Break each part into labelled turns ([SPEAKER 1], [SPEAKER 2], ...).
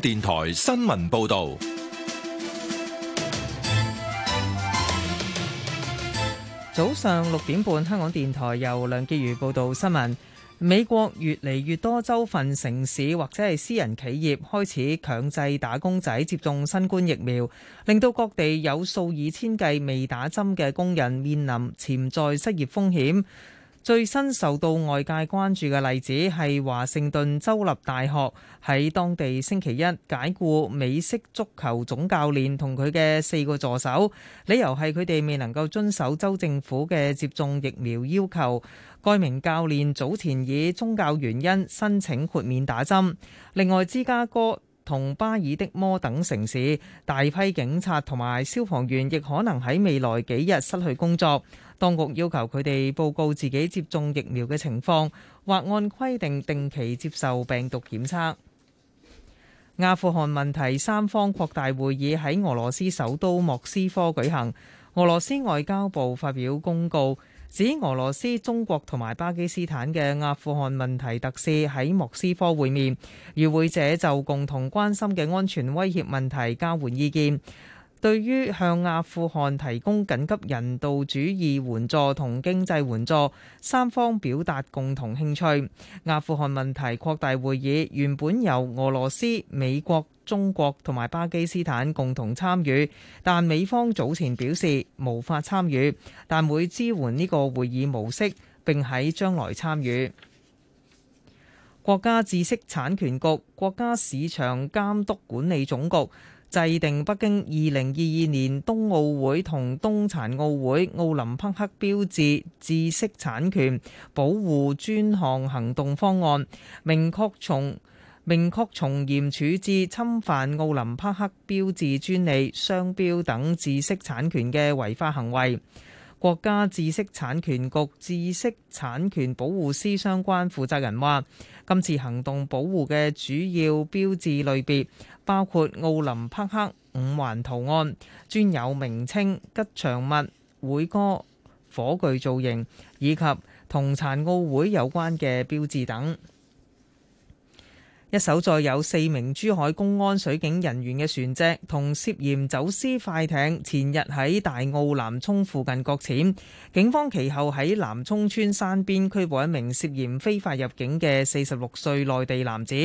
[SPEAKER 1] 電台新聞報道，
[SPEAKER 2] 早上六點半，香港電台由梁潔如報道新聞。美國越嚟越多州份、城市或者係私人企業開始強制打工仔接種新冠疫苗，令到各地有數以千計未打針嘅工人面臨潛在失業風險。最新受到外界關注嘅例子係華盛頓州立大學喺當地星期一解僱美式足球總教練同佢嘅四個助手，理由係佢哋未能夠遵守州政府嘅接種疫苗要求。該名教練早前以宗教原因申請豁免打針。另外，芝加哥同巴爾的摩等城市大批警察同埋消防員亦可能喺未來幾日失去工作。當局要求佢哋報告自己接種疫苗嘅情況，或按規定定期接受病毒檢測。阿富汗問題三方擴大會議喺俄羅斯首都莫斯科舉行。俄羅斯外交部發表公告，指俄羅斯、中國同埋巴基斯坦嘅阿富汗問題特使喺莫斯科會面，與會者就共同關心嘅安全威脅問題交換意見。對於向阿富汗提供緊急人道主義援助同經濟援助，三方表達共同興趣。阿富汗問題擴大會議原本由俄羅斯、美國、中國同埋巴基斯坦共同參與，但美方早前表示無法參與，但會支援呢個會議模式並將，並喺將來參與。國家知識產權局、國家市場監督管理總局。制定北京二零二二年冬奧會同冬殘奧會奧林匹克標誌知識產權保護專項行，行動方案，明確從明確從嚴處置侵犯奧林匹克標誌、專利、商標等知識產權嘅違法行為。國家知識產權局知識產權保護司相關負責人話，今次行動保護嘅主要標誌類別。包括奧林匹克五環圖案、專有名稱、吉祥物、會歌、火炬造型，以及同殘奧會有關嘅標誌等。一艘載有四名珠海公安水警人員嘅船隻，同涉嫌走私快艇前日喺大澳南涌附近擱淺。警方其後喺南涌村山邊拘捕一名涉嫌非法入境嘅四十六歲內地男子，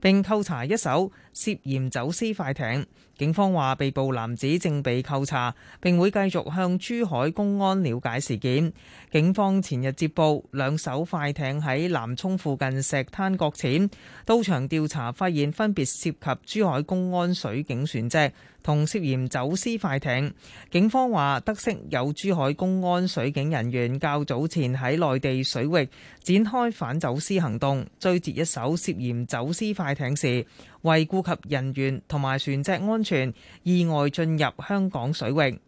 [SPEAKER 2] 並扣查一艘涉嫌走私快艇。警方話被捕男子正被扣查，並會繼續向珠海公安了解事件。警方前日接報兩艘快艇喺南涌附近石灘擱淺，到場。調查發現，分別涉及珠海公安水警船隻同涉嫌走私快艇。警方話，得悉有珠海公安水警人員較早前喺內地水域展開反走私行動，追截一艘涉嫌走私快艇時，為顧及人員同埋船隻安全，意外進入香港水域。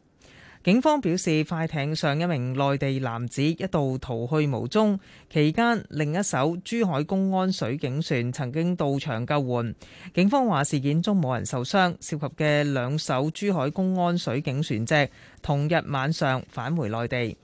[SPEAKER 2] 警方表示，快艇上一名內地男子一度逃去無蹤，期間另一艘珠海公安水警船曾經到場救援。警方話，事件中冇人受傷，涉及嘅兩艘珠海公安水警船隻同日晚上返回內地。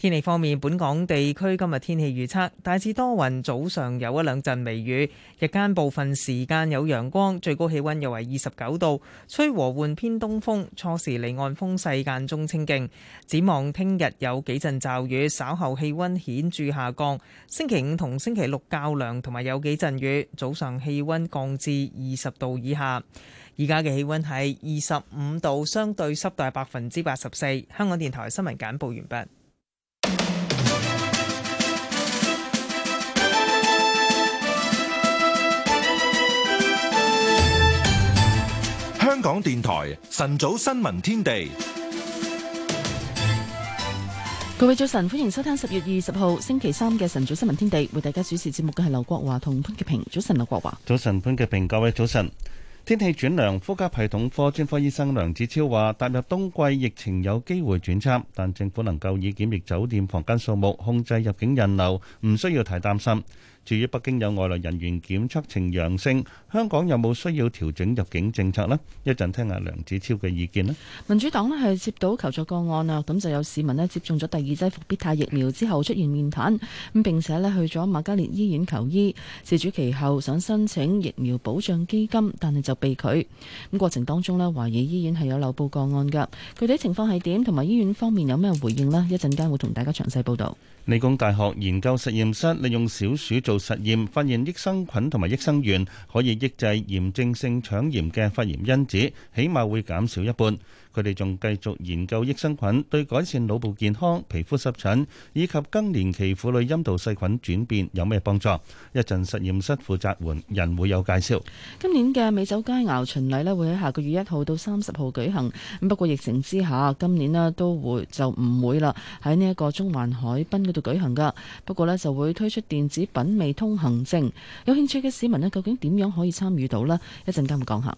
[SPEAKER 2] 天氣方面，本港地區今日天氣預測，大致多雲，早上有一兩陣微雨，日間部分時間有陽光，最高氣温又為二十九度，吹和緩偏東風，初時離岸風勢間中清勁。展望聽日有幾陣驟雨，稍後氣溫顯著下降。星期五同星期六較涼，同埋有幾陣雨，早上氣溫降至二十度以下。而家嘅氣溫係二十五度，相對濕度係百分之八十四。香港電台新聞簡報完畢。
[SPEAKER 1] 香港電台晨早新聞天地，
[SPEAKER 3] 各位早晨，歡迎收聽十月二十號星期三嘅晨早新聞天地，為大家主持節目嘅係劉國華同潘潔平。早晨，劉國華。
[SPEAKER 4] 早晨，潘潔平。各位早晨。天氣轉涼，呼吸系統科專科醫生梁子超話：踏入冬季，疫情有機會轉差，但政府能夠以檢疫酒店房間數目控制入境人流，唔需要太擔心。至於北京有外來人員檢測呈陽性。香港有冇需要調整入境政策咧？一陣聽下梁子超嘅意見啦。
[SPEAKER 3] 民主黨咧係接到求助個案啊，咁就有市民咧接種咗第二劑復必泰疫苗之後出現面癱，咁並且咧去咗瑪嘉烈醫院求醫，事主其後想申請疫苗保障基金，但係就被拒。咁過程當中咧懷疑醫院係有漏報個案噶。具體情況係點同埋醫院方面有咩回應咧？一陣間會同大家詳細報道。
[SPEAKER 4] 理工大學研究實驗室利用小鼠做實驗，發現益生菌同埋益生元可以。抑制炎症性腸炎嘅發炎因子，起碼會減少一半。佢哋仲繼續研究益生菌對改善腦部健康、皮膚濕疹以及更年期婦女陰道細菌轉變有咩幫助？一陣實驗室負責人會有介紹。
[SPEAKER 3] 今年嘅美酒佳肴巡禮咧，會喺下個月一號到三十號舉行。咁不過疫情之下，今年咧都會就唔會啦。喺呢一個中環海濱嗰度舉行㗎。不過呢，就會推出電子品味通行證。有興趣嘅市民咧，究竟點樣可以參與到呢？一陣間講下。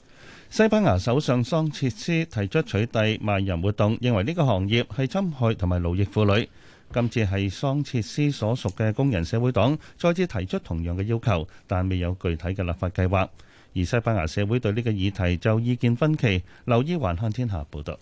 [SPEAKER 3] 西班牙首
[SPEAKER 4] 相桑切斯提出取締賣淫活動，認為呢個行業係侵害同埋奴役婦女。今次係桑切斯所屬嘅工人社會黨再次提出同樣嘅要求，但未有具體嘅立法計劃。而西班牙社會對呢個議題就意見分
[SPEAKER 3] 歧，留意寰宇天下報道。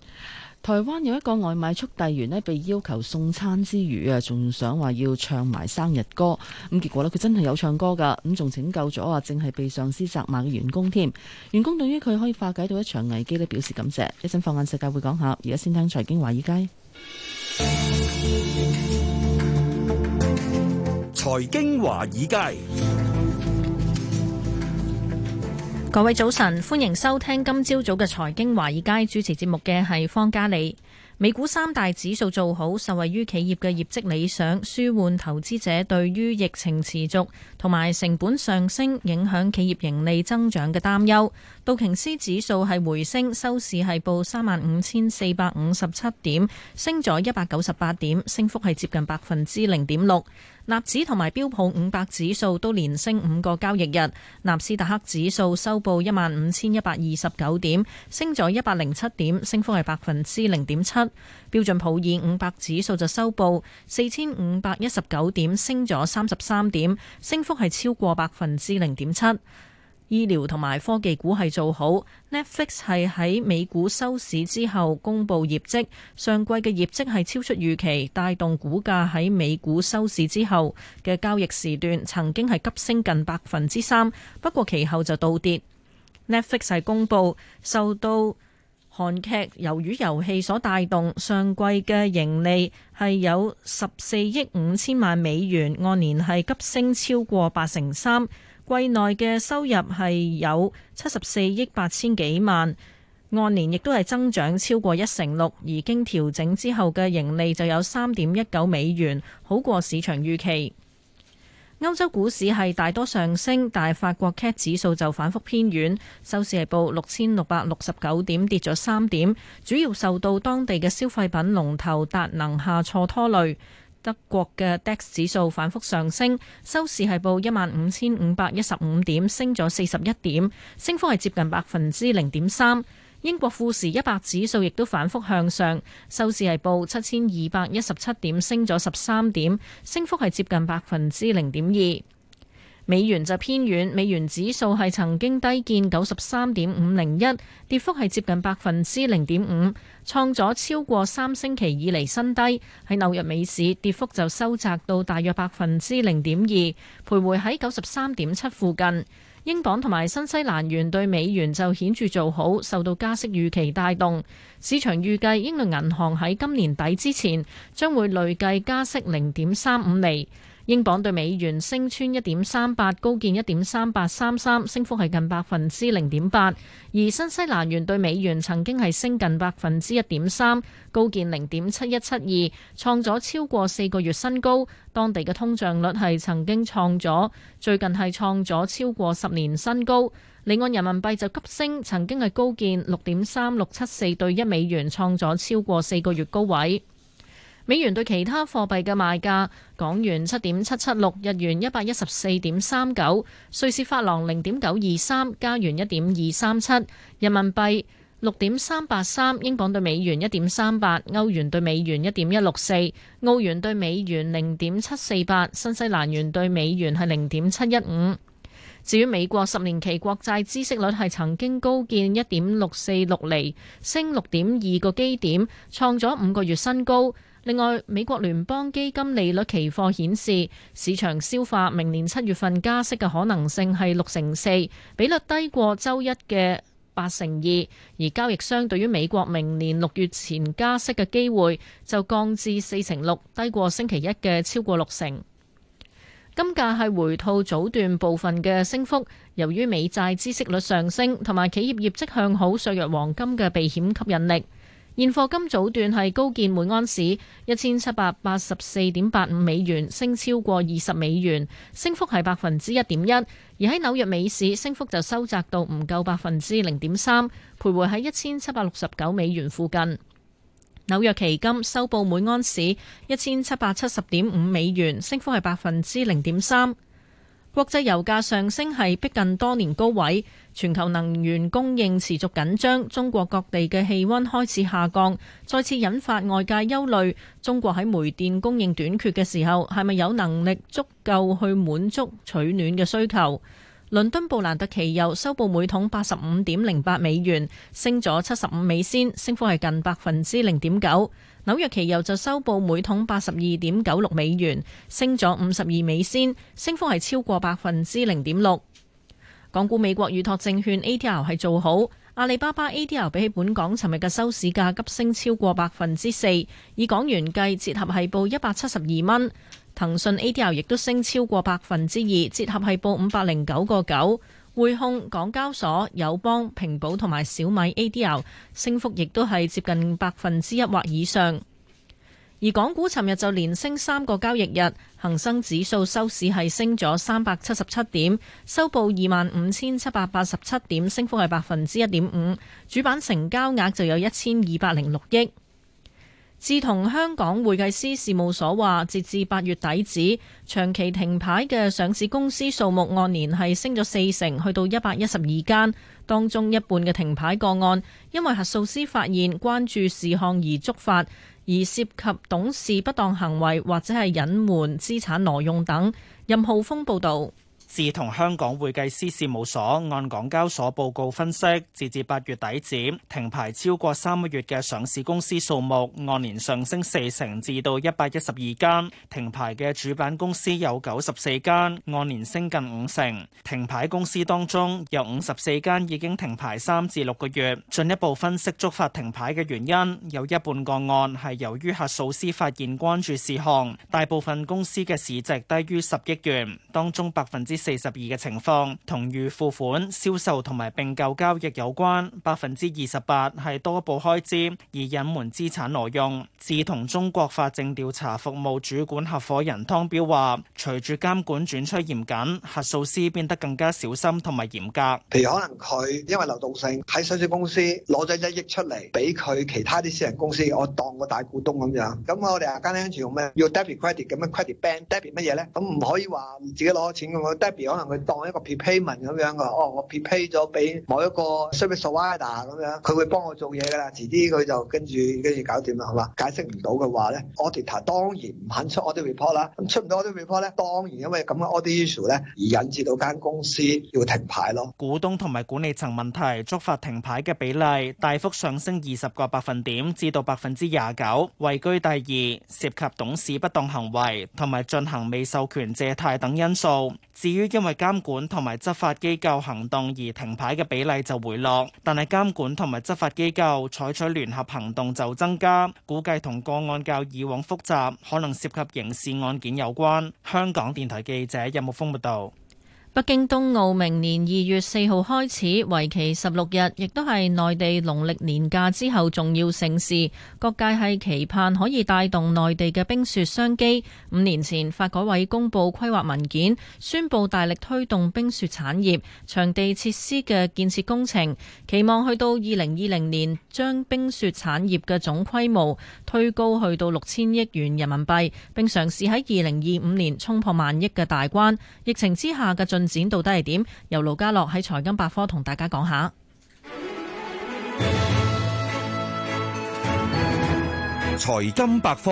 [SPEAKER 3] 台灣有一個外賣速遞員咧，被要求送餐之餘啊，仲想話要唱埋生日歌。咁結果咧，佢真係有唱歌噶，咁仲拯救咗啊！正係被上司責罵嘅員工添。員工對於佢可以化解到一場危機咧，表示感謝。一陣放眼世界會講下，而家先聽財經華爾街。
[SPEAKER 1] 財經華爾街。
[SPEAKER 5] 各位早晨，歡迎收聽今朝早嘅財經華爾街，主持節目嘅係方嘉莉。美股三大指數做好，受惠於企業嘅業績理想，舒緩投資者對於疫情持續同埋成本上升影響企業盈利增長嘅擔憂。道瓊斯指數係回升，收市係報三萬五千四百五十七點，升咗一百九十八點，升幅係接近百分之零點六。納指同埋標普五百指數都連升五個交易日，納斯達克指數收報一萬五千一百二十九點，升咗一百零七點，升幅係百分之零點七。標準普爾五百指數就收報四千五百一十九點，升咗三十三點，升幅係超過百分之零點七。醫療同埋科技股係做好，Netflix 係喺美股收市之後公布業績，上季嘅業績係超出預期，帶動股價喺美股收市之後嘅交易時段曾經係急升近百分之三，不過其後就倒跌。Netflix 係公布受到韓劇、魷魚遊戲所帶動，上季嘅盈利係有十四億五千萬美元，按年係急升超過八成三。季內嘅收入係有七十四億八千幾萬，按年亦都係增長超過一成六，而經調整之後嘅盈利就有三點一九美元，好過市場預期。歐洲股市係大多上升，但法國 CAC 指數就反復偏軟，收市係報六千六百六十九點，跌咗三點，主要受到當地嘅消費品龍頭達能下挫拖累。德國嘅 DAX 指數反覆上升，收市係報一萬五千五百一十五點，升咗四十一點，升幅係接近百分之零點三。英國富時一百指數亦都反覆向上，收市係報七千二百一十七點，升咗十三點，升幅係接近百分之零點二。美元就偏軟，美元指數係曾經低見九十三點五零一，跌幅係接近百分之零點五。創咗超過三星期以嚟新低，喺紐約美市跌幅就收窄到大約百分之零點二，徘徊喺九十三點七附近。英鎊同埋新西蘭元對美元就顯著做好，受到加息預期帶動。市場預計英倫銀行喺今年底之前將會累計加息零點三五厘。英鎊對美元升穿一點三八，高見一點三八三三，升幅係近百分之零點八。而新西蘭元對美元曾經係升近百分之一點三，高見零點七一七二，創咗超過四個月新高。當地嘅通脹率係曾經創咗，最近係創咗超過十年新高。離岸人民幣就急升，曾經係高見六點三六七四對一美元，創咗超過四個月高位。美元對其他貨幣嘅賣價：港元七點七七六，日元一百一十四點三九，瑞士法郎零點九二三，加元一點二三七，人民幣六點三八三，英鎊對美元一點三八，歐元對美元一點一六四，澳元對美元零點七四八，新西蘭元對美元係零點七一五。至於美國十年期國債孳息率係曾經高見一點六四六厘，升六點二個基點，創咗五個月新高。另外，美國聯邦基金利率期貨顯示，市場消化明年七月份加息嘅可能性係六成四，比率低過週一嘅八成二。而交易商對於美國明年六月前加息嘅機會就降至四成六，低過星期一嘅超過六成。金價係回吐早段部分嘅升幅，由於美債孳息率上升同埋企業業績向好削弱黃金嘅避險吸引力。現貨金早段係高見每盎司一千七百八十四點八五美元，升超過二十美元，升幅係百分之一點一。而喺紐約美市，升幅就收窄到唔夠百分之零點三，徘徊喺一千七百六十九美元附近。紐約期金收報每盎司一千七百七十點五美元，升幅係百分之零點三。國際油價上升係逼近多年高位，全球能源供應持續緊張。中國各地嘅氣溫開始下降，再次引發外界憂慮。中國喺煤電供應短缺嘅時候，係咪有能力足夠去滿足取暖嘅需求？倫敦布蘭特期油收報每桶八十五點零八美元，升咗七十五美仙，升幅係近百分之零點九。紐約期油就收報每桶八十二點九六美元，升咗五十二美仙，升幅係超過百分之零點六。港股美國預託證券 ADR 係做好，阿里巴巴 ADR 比起本港尋日嘅收市價急升超過百分之四，以港元計，折合係報一百七十二蚊。騰訊 ADR 亦都升超過百分之二，折合係報五百零九個九。滙控、港交所、友邦、平保同埋小米 ADR 升幅亦都係接近百分之一或以上。而港股尋日就連升三個交易日，恒生指數收市係升咗三百七十七點，收報二萬五千七百八十七點，升幅係百分之一點五。主板成交額就有一千二百零六億。自同香港會計師事務所話截至八月底止，長期停牌嘅上市公司數目按年係升咗四成，去到一百一十二間，當中一半嘅停牌個案因為核數師發現關注事項而觸發，而涉及董事不當行為或者係隱瞞資產挪用等。任浩峰報道。
[SPEAKER 6] 至同香港會計師事務所按港交所報告分析，截至八月底止，停牌超過三個月嘅上市公司數目按年上升四成，至到一百一十二間。停牌嘅主板公司有九十四間，按年升近五成。停牌公司當中，有五十四間已經停牌三至六個月。進一步分析觸發停牌嘅原因，有一半個案係由於核數師發現關注事項，大部分公司嘅市值低於十億元，當中百分之四十二嘅情況同預付款、銷售同埋並購交易有關，百分之二十八係多步開支而隱瞞資產挪用。自同中國法證調查服務主管合夥人湯彪話，隨住監管轉趨嚴謹，核數師變得更加小心同埋嚴格。譬如
[SPEAKER 7] 可能佢因為流動性喺上市公司攞咗一億出嚟，俾佢其他啲私人公司，我當個大股東咁樣。咁我哋阿間香泉用咩？用 debit credit 咁咩 debit 乜嘢咧？咁唔可以話唔自己攞錢嘅我可能佢當一個 payment 咁樣噶，哦，我 pay 咗俾某一個 service provider 咁樣，佢會幫我做嘢噶啦。遲啲佢就跟住跟住搞掂啦，係嘛？解釋唔到嘅話咧，auditor 當然唔肯出我啲 report 啦。咁出唔到我啲 report 咧，當然因為咁嘅 audit issue 咧，而引致到間
[SPEAKER 6] 公司要停牌咯。股東同埋管理層問題觸發停牌嘅比例大幅上升二十個百分點至到百分之廿九，位居第二，涉及董事不當行為同埋進行未授權借貸等因素。至於於因為監管同埋執法機構行動而停牌嘅比例就回落，但係監管同埋執法機構採取聯合行動就增加，估計同個案較以往複雜，可能涉及刑事案件有關。香港電台記者任木峰報道。
[SPEAKER 5] 北京冬奧明年二月四號開始，為期十六日，亦都係內地農曆年假之後重要盛事。各界係期盼可以帶動內地嘅冰雪商機。五年前，發改委公布規劃文件，宣布大力推動冰雪產業場地設施嘅建設工程，期望去到二零二零年將冰雪產業嘅總規模推高去到六千億元人民幣，並嘗試喺二零二五年衝破萬億嘅大關。疫情之下嘅進進展到底係點？由盧家樂喺財金百科同大家講下。
[SPEAKER 8] 財金百科，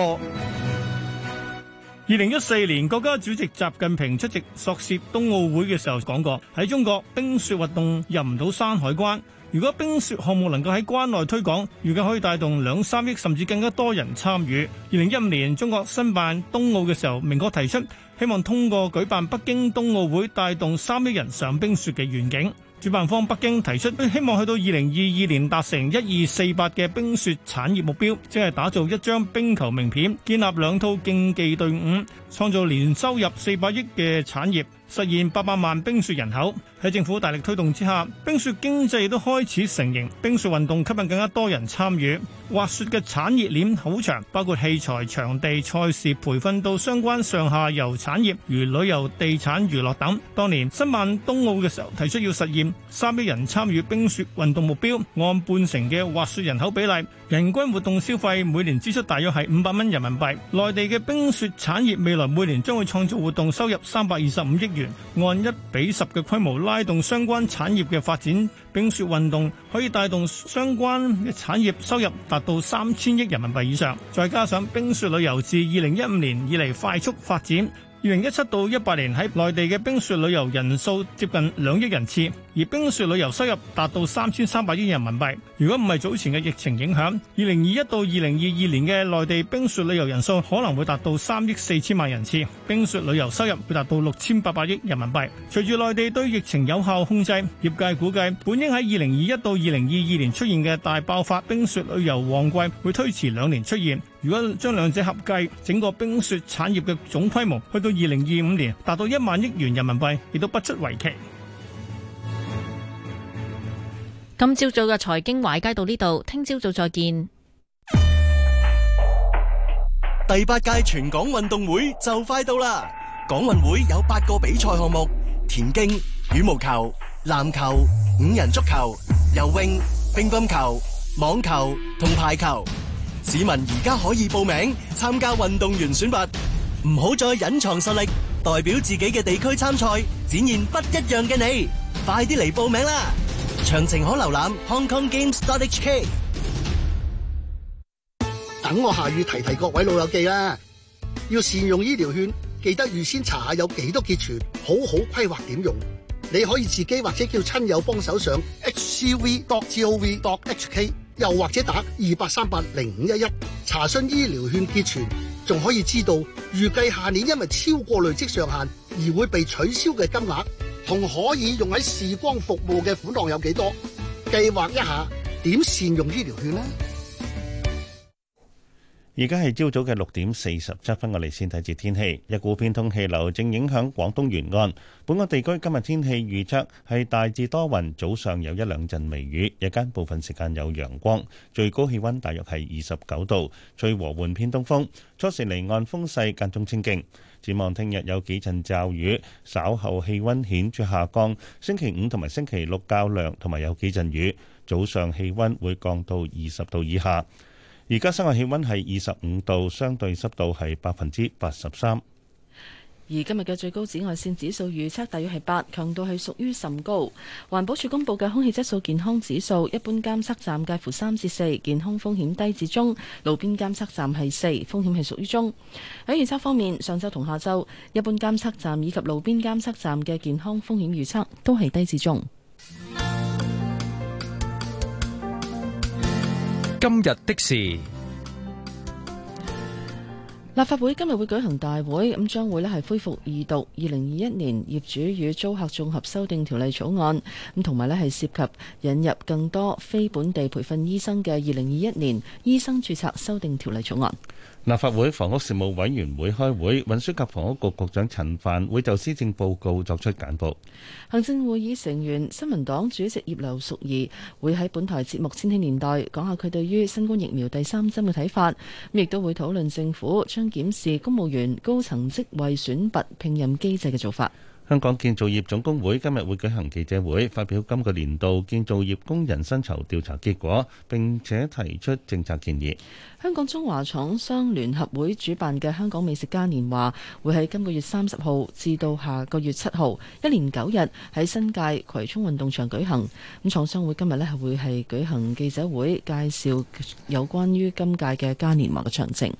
[SPEAKER 8] 二零一四年國家主席習近平出席索契冬奧會嘅時候講過：喺中國冰雪運動入唔到山海關。如果冰雪項目能夠喺關內推廣，預計可以帶動兩三億甚至更加多人參與。二零一五年中國申辦冬奧嘅時候，明確提出希望通過舉辦北京冬奧會帶動三億人上冰雪嘅願景。主辦方北京提出希望去到二零二二年達成一二四八嘅冰雪產業目標，即係打造一張冰球名片，建立兩套競技隊伍，創造年收入四百億嘅產業，實現八百萬冰雪人口。喺政府大力推動之下，冰雪經濟都開始成型。冰雪運動吸引更加多人參與。滑雪嘅產業鏈好長，包括器材、場地、賽事、培訓到相關上下游產業，如旅遊、地產、娛樂等。當年申辦冬奧嘅時候，提出要實現三億人參與冰雪運動目標。按半成嘅滑雪人口比例，人均活動消費每年支出大約係五百蚊人民幣。內地嘅冰雪產業未來每年將會創造活動收入三百二十五億元，按一比十嘅規模。帶動相關產業嘅發展，冰雪運動可以帶動相關嘅產業收入達到三千億人民幣以上。再加上冰雪旅遊自二零一五年以嚟快速發展，二零一七到一八年喺內地嘅冰雪旅遊人數接近兩億人次。而冰雪旅遊收入達到三千三百億人民幣。如果唔係早前嘅疫情影響，二零二一到二零二二年嘅內地冰雪旅遊人數可能會達到三億四千萬人次，冰雪旅遊收入會達到六千八百億人民幣。隨住內地對疫情有效控制，業界估計本應喺二零二一到二零二二年出現嘅大爆發冰雪旅遊旺季會推遲兩年出現。如果將兩者合計，整個冰雪產業嘅總規模去到二零二五年達到一萬億元人民幣，亦都不足為奇。
[SPEAKER 5] 今朝早嘅財經壞街到呢度，聽朝早再見。
[SPEAKER 9] 第八屆全港運動會就快到啦！港運會有八個比賽項目：田徑、羽毛球、籃球、五人足球、游泳、乒乓球、網球同排球。市民而家可以報名參加運動員選拔，唔好再隱藏實力，代表自己嘅地區參賽，展現不一樣嘅你。快啲嚟報名啦！詳情可瀏覽 Hong Kong Games HK。
[SPEAKER 8] 等我下雨提提各位老友記啦。要善用醫療券，記得預先查下有幾多結存，好好規劃點用。你可以自己或者叫親友幫手上 HCV dot gov dot HK，又或者打二八三八零五一一查詢醫療券結存，仲可以知道預計下年因為超過累積上限而會被取消嘅金額。同可以用喺視光服務嘅款項有幾多？計劃一下點善用醫療券呢？
[SPEAKER 4] 而家係朝早嘅六點四十七分，我哋先睇次天氣。一股偏東氣流正影響廣東沿岸，本港地區今日天氣預測係大致多雲，早上有一兩陣微雨，日間部分時間有陽光，最高氣溫大約係二十九度，吹和緩偏東風，初時離岸風勢間中清勁。展望聽日有幾陣驟雨，稍後氣溫顯著下降。星期五同埋星期六較涼，同埋有幾陣雨。早上氣溫會降到二十度以下。而家室外氣溫係二十五度，相對濕度係百分之八十三。
[SPEAKER 3] 而今日嘅最高紫外線指數預測大約係八，強度係屬於甚高。環保署公布嘅空氣質素健康指數，一般監測站介乎三至四，健康風險低至中；路邊監測站係四，風險係屬於中。喺預測方面，上周同下周，一般監測站以及路邊監測站嘅健康風險預測都係低至中。
[SPEAKER 10] 今日的事。
[SPEAKER 3] 立法會今日會舉行大會，咁將會咧係恢復二讀二零二一年業主與租客綜合修訂條例草案，咁同埋咧係涉及引入更多非本地培訓醫生嘅二零二一年醫生註冊修訂條例草案。
[SPEAKER 4] 立法會房屋事務委員會開會，運輸及房屋局局長陳帆會就施政報告作出簡報。
[SPEAKER 3] 行政會議成員、新民黨主席葉劉淑儀會喺本台節目《千禧年代》講下佢對於新冠疫苗第三針嘅睇法，亦都會討論政府將檢視公務員高層職位選拔聘任機制嘅做法。
[SPEAKER 4] 香港建造業總工會今日會舉行記者會，發表今個年度建造業工人薪酬調查結果，並
[SPEAKER 3] 且提出政策建議。香港中華廠商聯合會主辦嘅香港美食嘉年華會喺今個月三十號至到下個月七號，一連九日喺新界葵涌運動場舉行。咁廠商會今日咧係會係舉行記者會，介紹有關於今屆嘅嘉年華嘅詳情。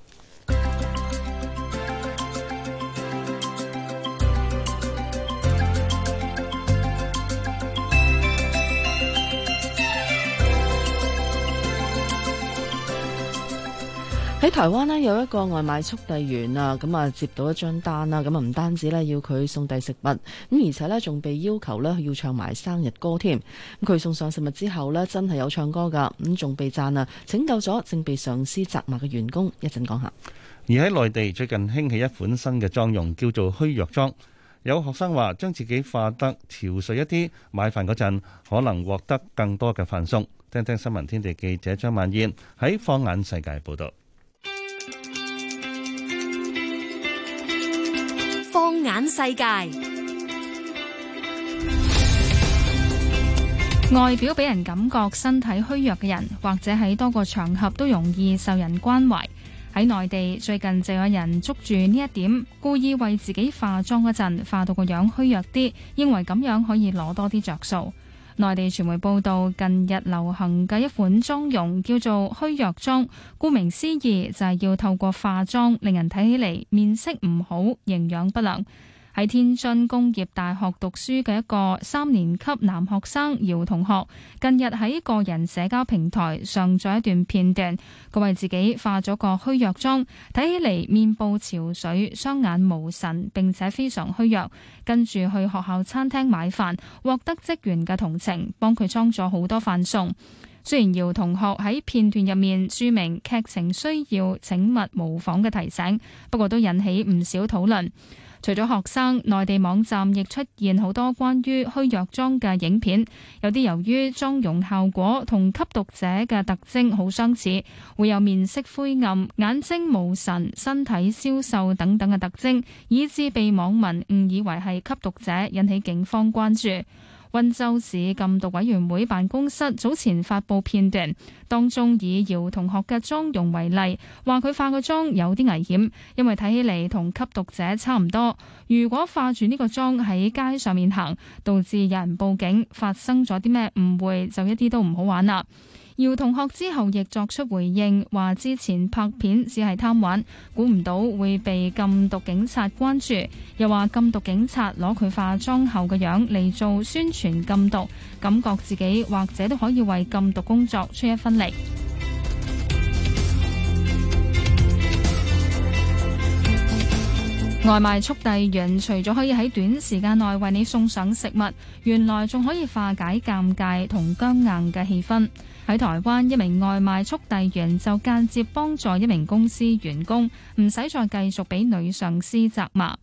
[SPEAKER 3] 台灣咧有一個外賣速遞員啊，咁啊接到一張單啦，咁啊唔單止咧要佢送遞食物，咁而且咧仲被要求咧要唱埋生日歌添。咁佢送上食物之後咧，真係有唱歌㗎，咁仲被讚啊，拯救咗正被上司責罵嘅員工。一陣講下。
[SPEAKER 4] 而喺內地最近興起一款新嘅妝容，叫做虛弱妝。有學生話將自己化得憔悴一啲，買飯嗰陣可能獲得更多嘅飯餸。聽聽新聞天地記者張曼燕喺放眼世界報道。
[SPEAKER 11] 放眼世界，外表俾人感覺身體虛弱嘅人，或者喺多個場合都容易受人關懷。喺內地最近就有人捉住呢一點，故意為自己化妝嗰陣化到個樣虛弱啲，認為咁樣可以攞多啲着數。內地傳媒報道，近日流行嘅一款妝容叫做虛弱妝，顧名思義就係要透過化妝，令人睇起嚟面色唔好，營養不良。喺天津工業大學讀書嘅一個三年級男學生姚同學，近日喺個人社交平台上載一段片段，佢為自己化咗個虛弱妝，睇起嚟面部潮水、雙眼無神，並且非常虛弱。跟住去學校餐廳買飯，獲得職員嘅同情，幫佢裝咗好多飯餸。雖然姚同學喺片段入面注明劇情需要，請勿模仿嘅提醒，不過都引起唔少討論。除咗學生，內地網站亦出現好多關於虛弱妝嘅影片，有啲由於妝容效果同吸毒者嘅特徵好相似，會有面色灰暗、眼睛無神、身體消瘦等等嘅特徵，以致被網民誤以為係吸毒者，引起警方關注。溫州市禁毒委員會辦公室早前發布片段，當中以姚同學嘅妝容為例，話佢化個妝有啲危險，因為睇起嚟同吸毒者差唔多。如果化住呢個妝喺街上面行，導致有人報警，發生咗啲咩誤會，就一啲都唔好玩啦。姚同學之後亦作出回應，話之前拍片只係貪玩，估唔到會被禁毒警察關注。又話禁毒警察攞佢化妝後嘅樣嚟做宣傳禁毒，感覺自己或者都可以為禁毒工作出一分力。外賣速遞員除咗可以喺短時間內為你送上食物，原來仲可以化解尷尬同僵硬嘅氣氛。喺台灣，一名外賣速遞員就間接幫助一名公司員工，唔使再繼續俾女上司責罵。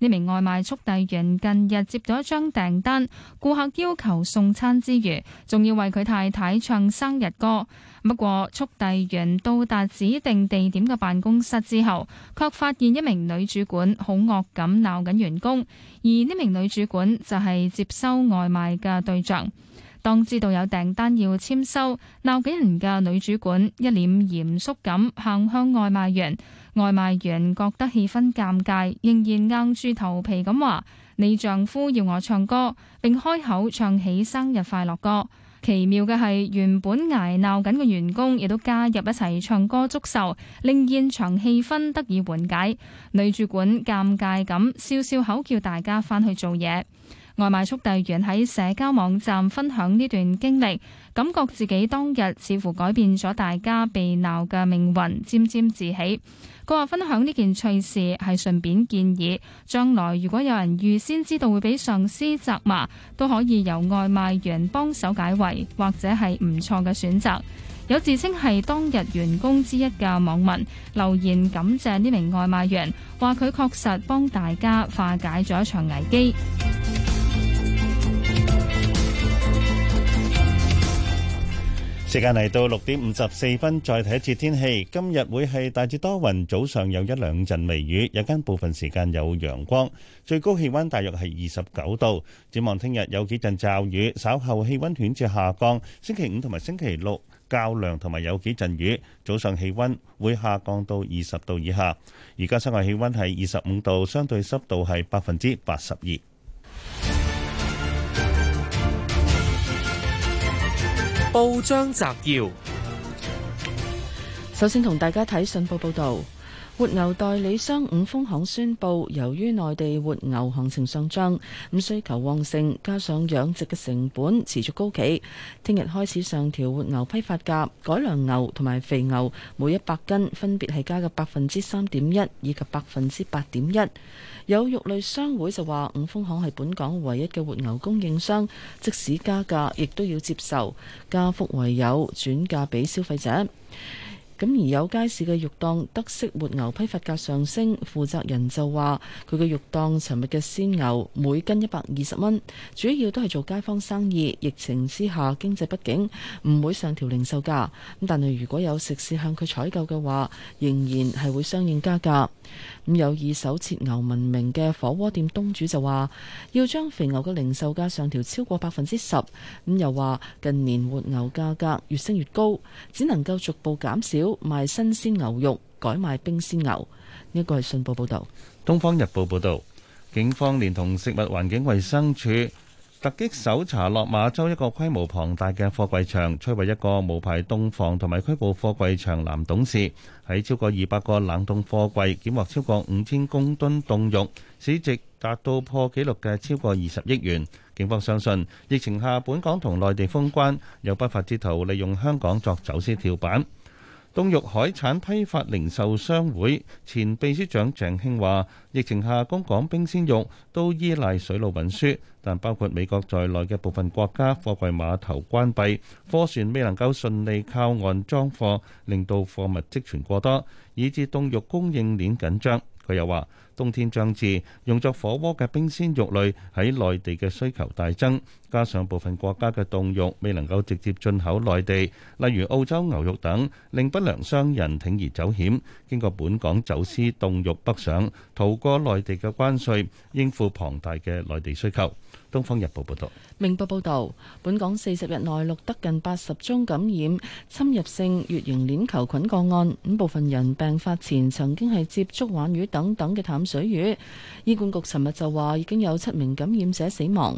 [SPEAKER 11] 呢名外賣速遞員近日接到一張訂單，顧客要求送餐之餘，仲要為佢太太唱生日歌。不過，速遞員到達指定地點嘅辦公室之後，卻發現一名女主管好惡咁鬧緊員工，而呢名女主管就係接收外賣嘅對象。當知道有訂單要簽收，鬧緊人嘅女主管一臉嚴肅咁行向外賣員，外賣員覺得氣氛尷尬，仍然硬住頭皮咁話：你丈夫要我唱歌，並開口唱起生日快樂歌。奇妙嘅係，原本挨鬧緊嘅員工亦都加入一齊唱歌祝壽，令現場氣氛得以緩解。女主管尷尬咁笑笑口，叫大家翻去做嘢。外賣速遞員喺社交網站分享呢段經歷，感覺自己當日似乎改變咗大家被鬧嘅命運，沾沾自喜。佢話分享呢件趣事係順便建議，將來如果有人預先知道會俾上司責罵，都可以由外賣員幫手解圍，或者係唔錯嘅選擇。有自稱係當日員工之一嘅網民留言感謝呢名外賣員，話佢確實幫大家化解咗一場危機。
[SPEAKER 4] 時間嚟到六點五十四分，再睇一次天氣。今日會係大致多雲，早上有一兩陣微雨，日間部分時間有陽光，最高氣温大約係二十九度。展望聽日有幾陣驟雨，稍後氣温顯著下降。星期五同埋星期六較涼，同埋有幾陣雨，早上氣温會下降到二十度以下。而家室外氣温係二十五度，相對濕度係百分之八十二。
[SPEAKER 3] 報章摘要：首先同大家睇信報報道，活牛代理商五豐行宣布，由於內地活牛行情上漲，咁需求旺盛，加上養殖嘅成本持續高企，聽日開始上調活牛批發價，改良牛同埋肥牛每一百斤分別係加嘅百分之三點一以及百分之八點一。有肉類商會就話：五豐行係本港唯一嘅活牛供應商，即使加價，亦都要接受加幅唯有轉嫁俾消費者。咁而有街市嘅肉檔得悉活牛批發價上升，負責人就話：佢嘅肉檔尋日嘅鮮牛每斤一百二十蚊，主要都係做街坊生意。疫情之下經濟不景，唔會上調零售價。咁但係如果有食肆向佢採購嘅話，仍然係會相應加價。咁有以手切牛聞名嘅火鍋店東主就話，要將肥牛嘅零售價上調超過百分之十。咁又話近年活牛價格越升越高，只能夠逐步減少賣新鮮牛肉，改賣冰鮮牛。呢個係信報報道。
[SPEAKER 4] 東方日報報道，警方連同食物環境衛生署。突擊搜查落馬洲一個規模龐大嘅貨櫃場，摧毀一個無牌凍房同埋拘捕貨櫃場男董事，喺超過二百個冷凍貨櫃檢獲超過五千公噸凍肉，市值達到破紀錄嘅超過二十億元。警方相信，疫情下本港同內地封關，有不法之徒利用香港作走私跳板。凍肉海產批發零售商會前秘書長鄭興話，疫情下，供港冰鮮肉都依賴水路運輸，但包括美國在內嘅部分國家貨櫃碼頭關閉，貨船未能夠順利靠岸裝貨，令到貨物積存過多，以致凍肉供應鏈緊張。佢又話：冬天將至，用作火鍋嘅冰鮮肉類喺內地嘅需求大增，加上部分國家嘅凍肉未能夠直接進口內地，例如澳洲牛肉等，令不良商人鋌而走險，經過本港走私凍肉北上，逃過內地嘅關稅，應付龐大嘅內地需求。東方日報報道，
[SPEAKER 3] 明報報道，本港四十日內錄得近八十宗感染侵入性乙型鏈球菌個案，咁部分人病發前曾經係接觸鯇魚等等嘅淡水魚。醫管局尋日就話已經有七名感染者死亡。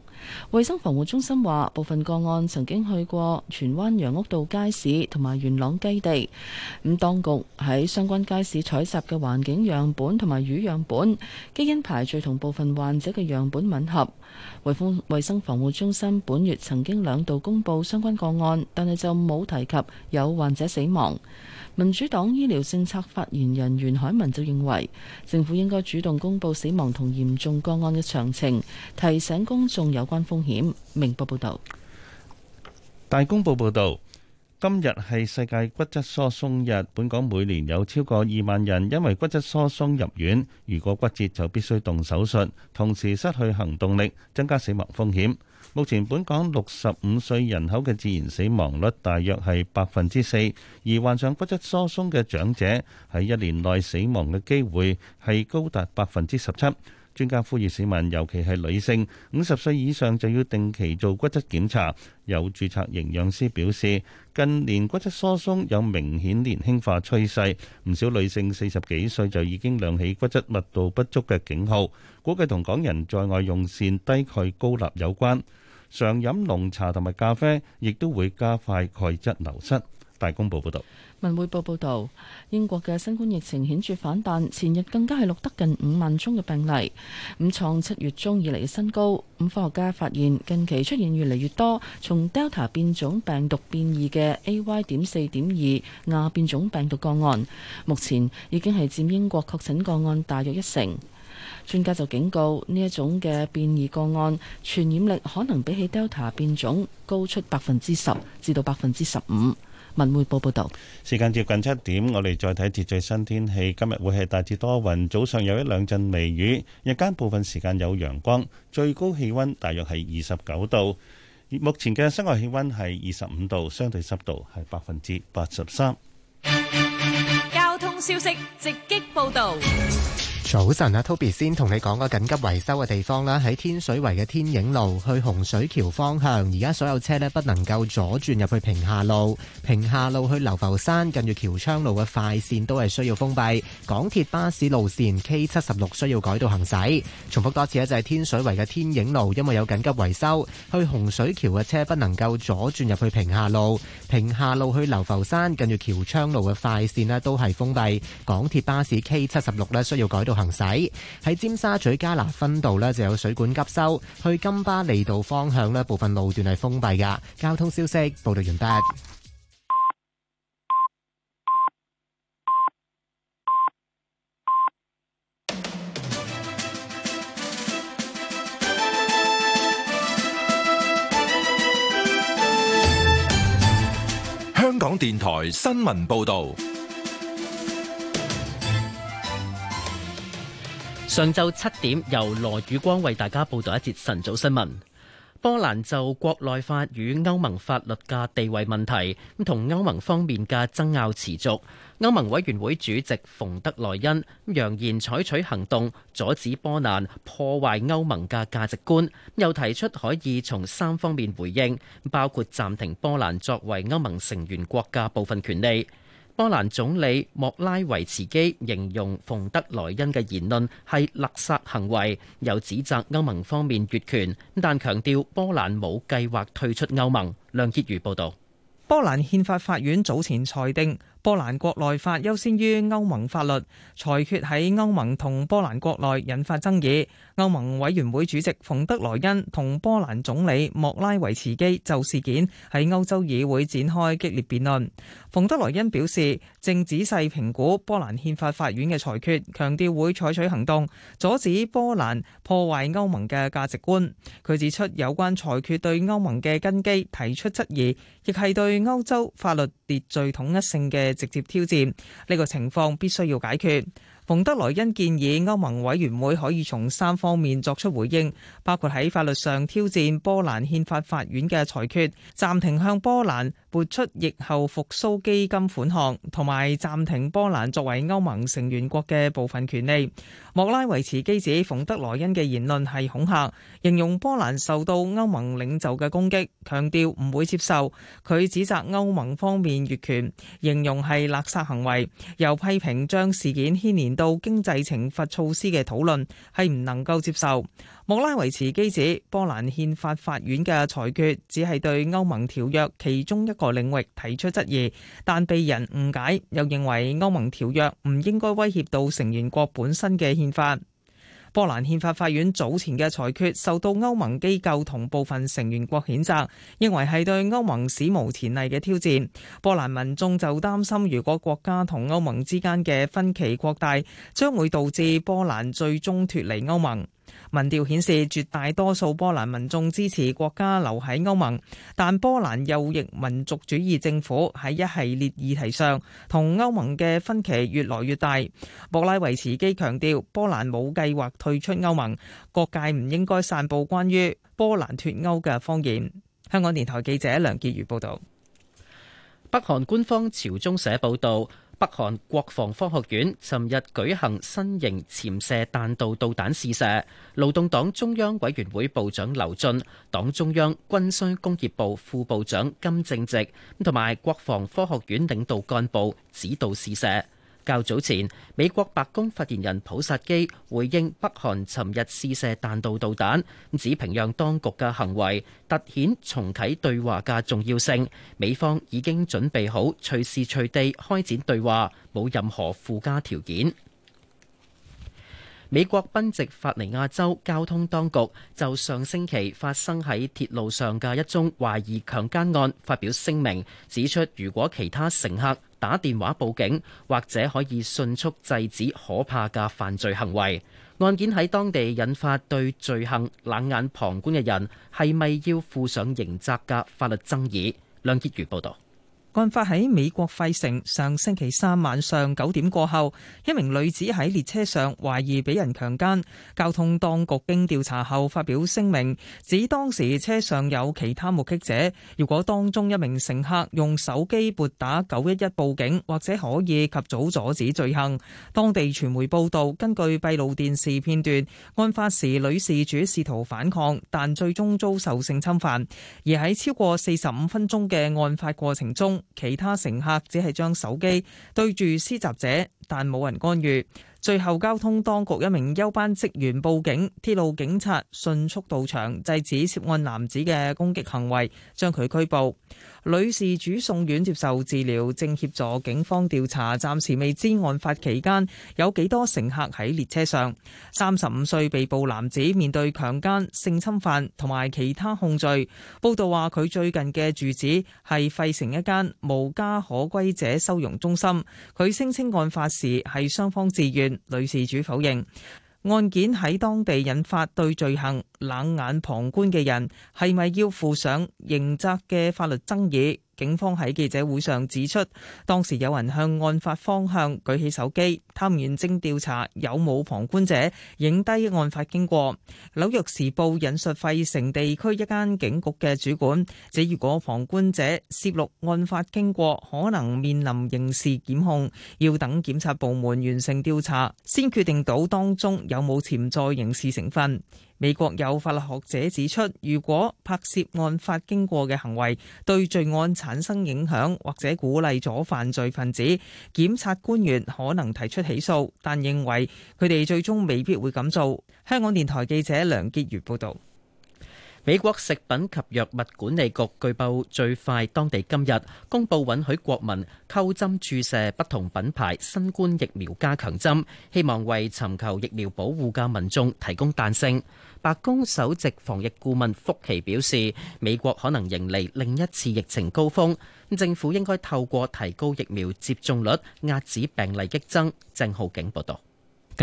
[SPEAKER 3] 衛生防護中心話，部分個案曾經去過荃灣楊屋道街市同埋元朗雞地，咁當局喺相關街市採集嘅環境樣本同埋魚樣本基因排序同部分患者嘅樣本吻合。衛生防護中心本月曾經兩度公布相關個案，但係就冇提及有患者死亡。民主黨醫療政策發言人袁海文就認為，政府應該主動公布死亡同嚴重個案嘅詳情，提醒公眾有關風險。明報報道，
[SPEAKER 4] 大公報報道。今日係世界骨質疏鬆日，本港每年有超過二萬人因為骨質疏鬆入院。如果骨折就必須動手術，同時失去行動力，增加死亡風險。目前本港六十五歲人口嘅自然死亡率大約係百分之四，而患上骨質疏鬆嘅長者喺一年內死亡嘅機會係高達百分之十七。專家呼籲市民，尤其係女性，五十歲以上就要定期做骨質檢查。有註冊營養師表示，近年骨質疏鬆有明顯年輕化趨勢，唔少女性四十幾歲就已經亮起骨質密度不足嘅警號。估計同港人在外用膳低鈣高鈉有關，常飲濃茶同埋咖啡，亦都會加快鈣質流失。大公報報道，
[SPEAKER 3] 文匯報報道，英國嘅新冠疫情顯著反彈，前日更加係錄得近五萬宗嘅病例，咁創七月中以嚟嘅新高。咁科學家發現近期出現越嚟越多從 Delta 變種病毒變異嘅 AY 點四點二亞變種病毒個案，目前已經係佔英國確診個案大約一成。專家就警告呢一種嘅變異個案傳染力可能比起 Delta 變種高出百分之十至到百分之十五。文匯報報道，
[SPEAKER 4] 時間接近七點，我哋再睇節最新天氣。今日會係大致多雲，早上有一兩陣微雨，日間部分時間有陽光，最高氣溫大約係二十九度。而目前嘅室外氣溫係二十五度，相對濕度係百分之八十三。
[SPEAKER 12] 交通消息直擊報道。
[SPEAKER 4] 早
[SPEAKER 9] 晨啊，Toby 先同你講個緊急維修嘅地方啦，喺天水圍嘅天影路去洪水橋方向，而家所有車咧不能夠左轉入去平下路，平下路去流浮山近住僑昌路嘅快線都係需要封閉。港鐵巴士路線 K 七十六需要改道行駛。重複多次咧，就係天水圍嘅天影路，因為有緊急維修，去洪水橋嘅車不能夠左轉入去平下路，平下路去流浮山近住僑昌路嘅快線咧都係封閉。港鐵巴士 K 七十六咧需要改道行行駛。喺尖沙咀加拿芬道呢，就有水管急修，去金巴利道方向呢，部分路段係封閉噶。交通消息，報道完畢。
[SPEAKER 1] 香港電台新聞報道。
[SPEAKER 10] 上晝七點，由羅宇光為大家報道一節晨早新聞。波蘭就國內法與歐盟法律嘅地位問題，同歐盟方面嘅爭拗持續。歐盟委員會主席馮德萊恩揚言採取行動阻止波蘭破壞歐盟嘅價值觀，又提出可以從三方面回應，包括暫停波蘭作為歐盟成員國嘅部分權利。波蘭總理莫拉維茨基形容馮德萊恩嘅言論係勒殺行為，又指責歐盟方面越權，但強調波蘭
[SPEAKER 2] 冇計劃退出歐盟。梁潔如報道，波蘭憲法法院早前裁定，波蘭國內法優先於歐盟法律，裁決喺歐盟同波蘭國內引發爭議。歐盟委員會主席馮德萊恩同波蘭總理莫拉維茨基就事件喺歐洲議會展開激烈辯論。馮德萊恩表示，正仔細評估波蘭憲法法院嘅裁決，強調會採取行動，阻止波蘭破壞歐盟嘅價值觀。佢指出，有關裁決對歐盟嘅根基提出質疑，亦係對歐洲法律秩序統一性嘅。直接挑戰，呢個情況必須要解決。馮德萊恩建議歐盟委員會可以從三方面作出回應，包括喺法律上挑戰波蘭憲法法院嘅裁決，暫停向波蘭撥出疫後復蘇基金款項，同埋暫停波蘭作為歐盟成員國嘅部分權利。莫拉維茨基指馮德萊恩嘅言論係恐嚇，形容波蘭受到歐盟領袖嘅攻擊，強調唔會接受。佢指責歐盟方面越權，形容係勒索行為，又批評將事件牽連。到經濟懲罰措施嘅討論係唔能夠接受。莫拉維茨基指，波蘭憲法法院嘅裁決只係對歐盟條約其中一個領域提出質疑，但被人誤解，又認為歐盟條約唔應該威脅到成員國本身嘅憲法。波蘭憲法法院早前嘅裁決受到歐盟機構同部分成員國譴責，認為係對歐盟史無前例嘅挑戰。波蘭民眾就擔心，如果國家同歐盟之間嘅分歧擴大，將會導致波蘭最終脫離歐盟。民調顯示絕大多數波蘭民眾支持國家留喺歐盟，但波蘭右翼民族主義政府喺一系列議題上同歐盟嘅分歧越來越大。莫拉維茨基強調，波蘭冇計劃退出歐盟，各界唔應該散佈關於波蘭脫歐嘅謊言。香港電台記者梁潔如報導。北韓官方朝中
[SPEAKER 10] 社報道。北韓國防科學院尋日舉行新型潛射彈道導彈試射。勞動黨中央委員會部長劉俊、黨中央軍需工業部副部長金正直同埋國防科學院領導幹部指導試射。較早前，美國白宮發言人普薩基回應北韓尋日試射彈道導彈，指平壤當局嘅行為突顯重啟對話嘅重要性。美方已經準備好隨時隨地開展對話，冇任何附加條件。美國賓夕法尼亞州交通當局就上星期發生喺鐵路上嘅一宗懷疑強姦案發表聲明，指出如果其他乘客。打電話報警，或者可以迅速制止可怕嘅犯罪行為。案件喺當地引發對罪行冷眼旁觀嘅人，係咪要負
[SPEAKER 2] 上刑責嘅法律爭議。梁潔如報導。案發喺美國費城，上星期三晚上九點過後，一名女子喺列車上懷疑俾人強奸。交通當局經調查後發表聲明，指當時車上有其他目擊者。如果當中一名乘客用手機撥打九一一報警，或者可以及早阻止罪行。當地傳媒報道，根據閉路電視片段，案發時女事主試圖反抗，但最終遭受性侵犯。而喺超過四十五分鐘嘅案發過程中，其他乘客只係將手機對住施襲者，但冇人干預。最後，交通當局一名休班職員報警，鐵路警察迅速到場制止涉案男子嘅攻擊行為，將佢拘捕。女事主送院接受治療，正協助警方調查，暫時未知案發期間有幾多乘客喺列車上。三十五歲被捕男子面對強奸、性侵犯同埋其他控罪。報道話佢最近嘅住址係費城一間無家可歸者收容中心。佢聲稱案發時係雙方自願，女事主否認。案件喺當地引發對罪行冷眼旁觀嘅人係咪要負上刑責嘅法律爭議。警方喺記者會上指出，當時有人向案發方向舉起手機。探員正調查有冇旁觀者影低案發經過。紐約時報引述費城地區一間警局嘅主管，指如果旁觀者攝錄案發經過，可能面臨刑事檢控。要等檢察部門完成調查，先決定到當中有冇潛在刑事成分。美國有法律學者指出，如果拍攝案發經過嘅行為對罪案產生影響，或者鼓勵咗犯罪分子，檢察官員可能提出起訴，但認為佢哋最終未必會咁做。香港電台記者梁潔如報道。美國食品及藥
[SPEAKER 10] 物管理局據報最快當地今日公布允許國民扣針注射不同品牌新冠疫苗加強針，希望為尋求疫苗保護嘅民眾提供彈性。白宮首席防疫顧問福奇表示，美國可能迎嚟另一次疫情高峰，政府應該透過提高疫苗
[SPEAKER 13] 接種率壓止病例激增。鄭浩景報道。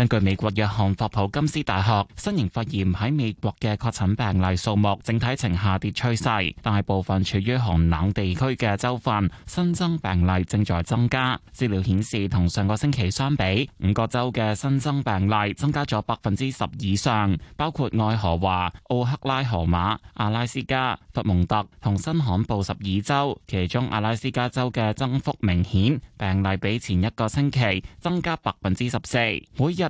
[SPEAKER 13] 根據美國約翰霍普金斯大學，新型肺炎喺美國嘅確診病例數目整體呈下跌趨勢，大部分處於寒冷地區嘅州份新增病例正在增加。資料顯示，同上個星期相比，五個州嘅新增病例增加咗百分之十以上，包括愛荷華、奧克拉荷馬、阿拉斯加、佛蒙特同新罕布什爾州，其中阿拉斯加州嘅增幅明顯，病例比前一個星期增加百分之十四，每日，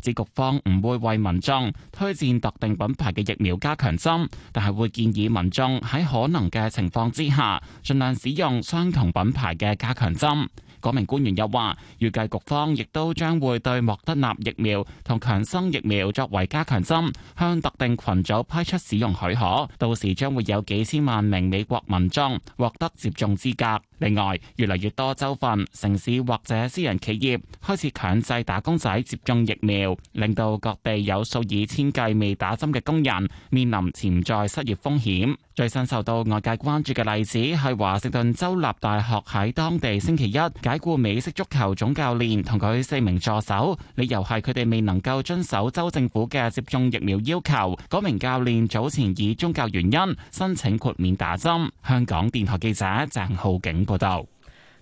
[SPEAKER 13] 接局方唔會為民眾推薦特定品牌嘅疫苗加強針，但係會建議民眾喺可能嘅情況之下，盡量使用相同品牌嘅加強針。嗰名官員又話，預計局方亦都將會對莫德納疫苗同強生疫苗作為加強針，向特定群組批出使用許可。到時將會有幾千萬名美國民眾獲得接種資格。另外，越嚟越多州份、城市或者私人企業開始強制打工仔接種疫苗，令到各地有數以千計未打針嘅工人面臨潛在失業風險。最新受到外界關注嘅例子係華盛頓州立大學喺當地星期一解雇美式足球總教練同佢四名助手，理由係佢哋未能夠遵守州政府嘅接種疫苗要求。嗰名教練早前以宗教原因申請豁免打針，香港電台記者鄭浩景報道。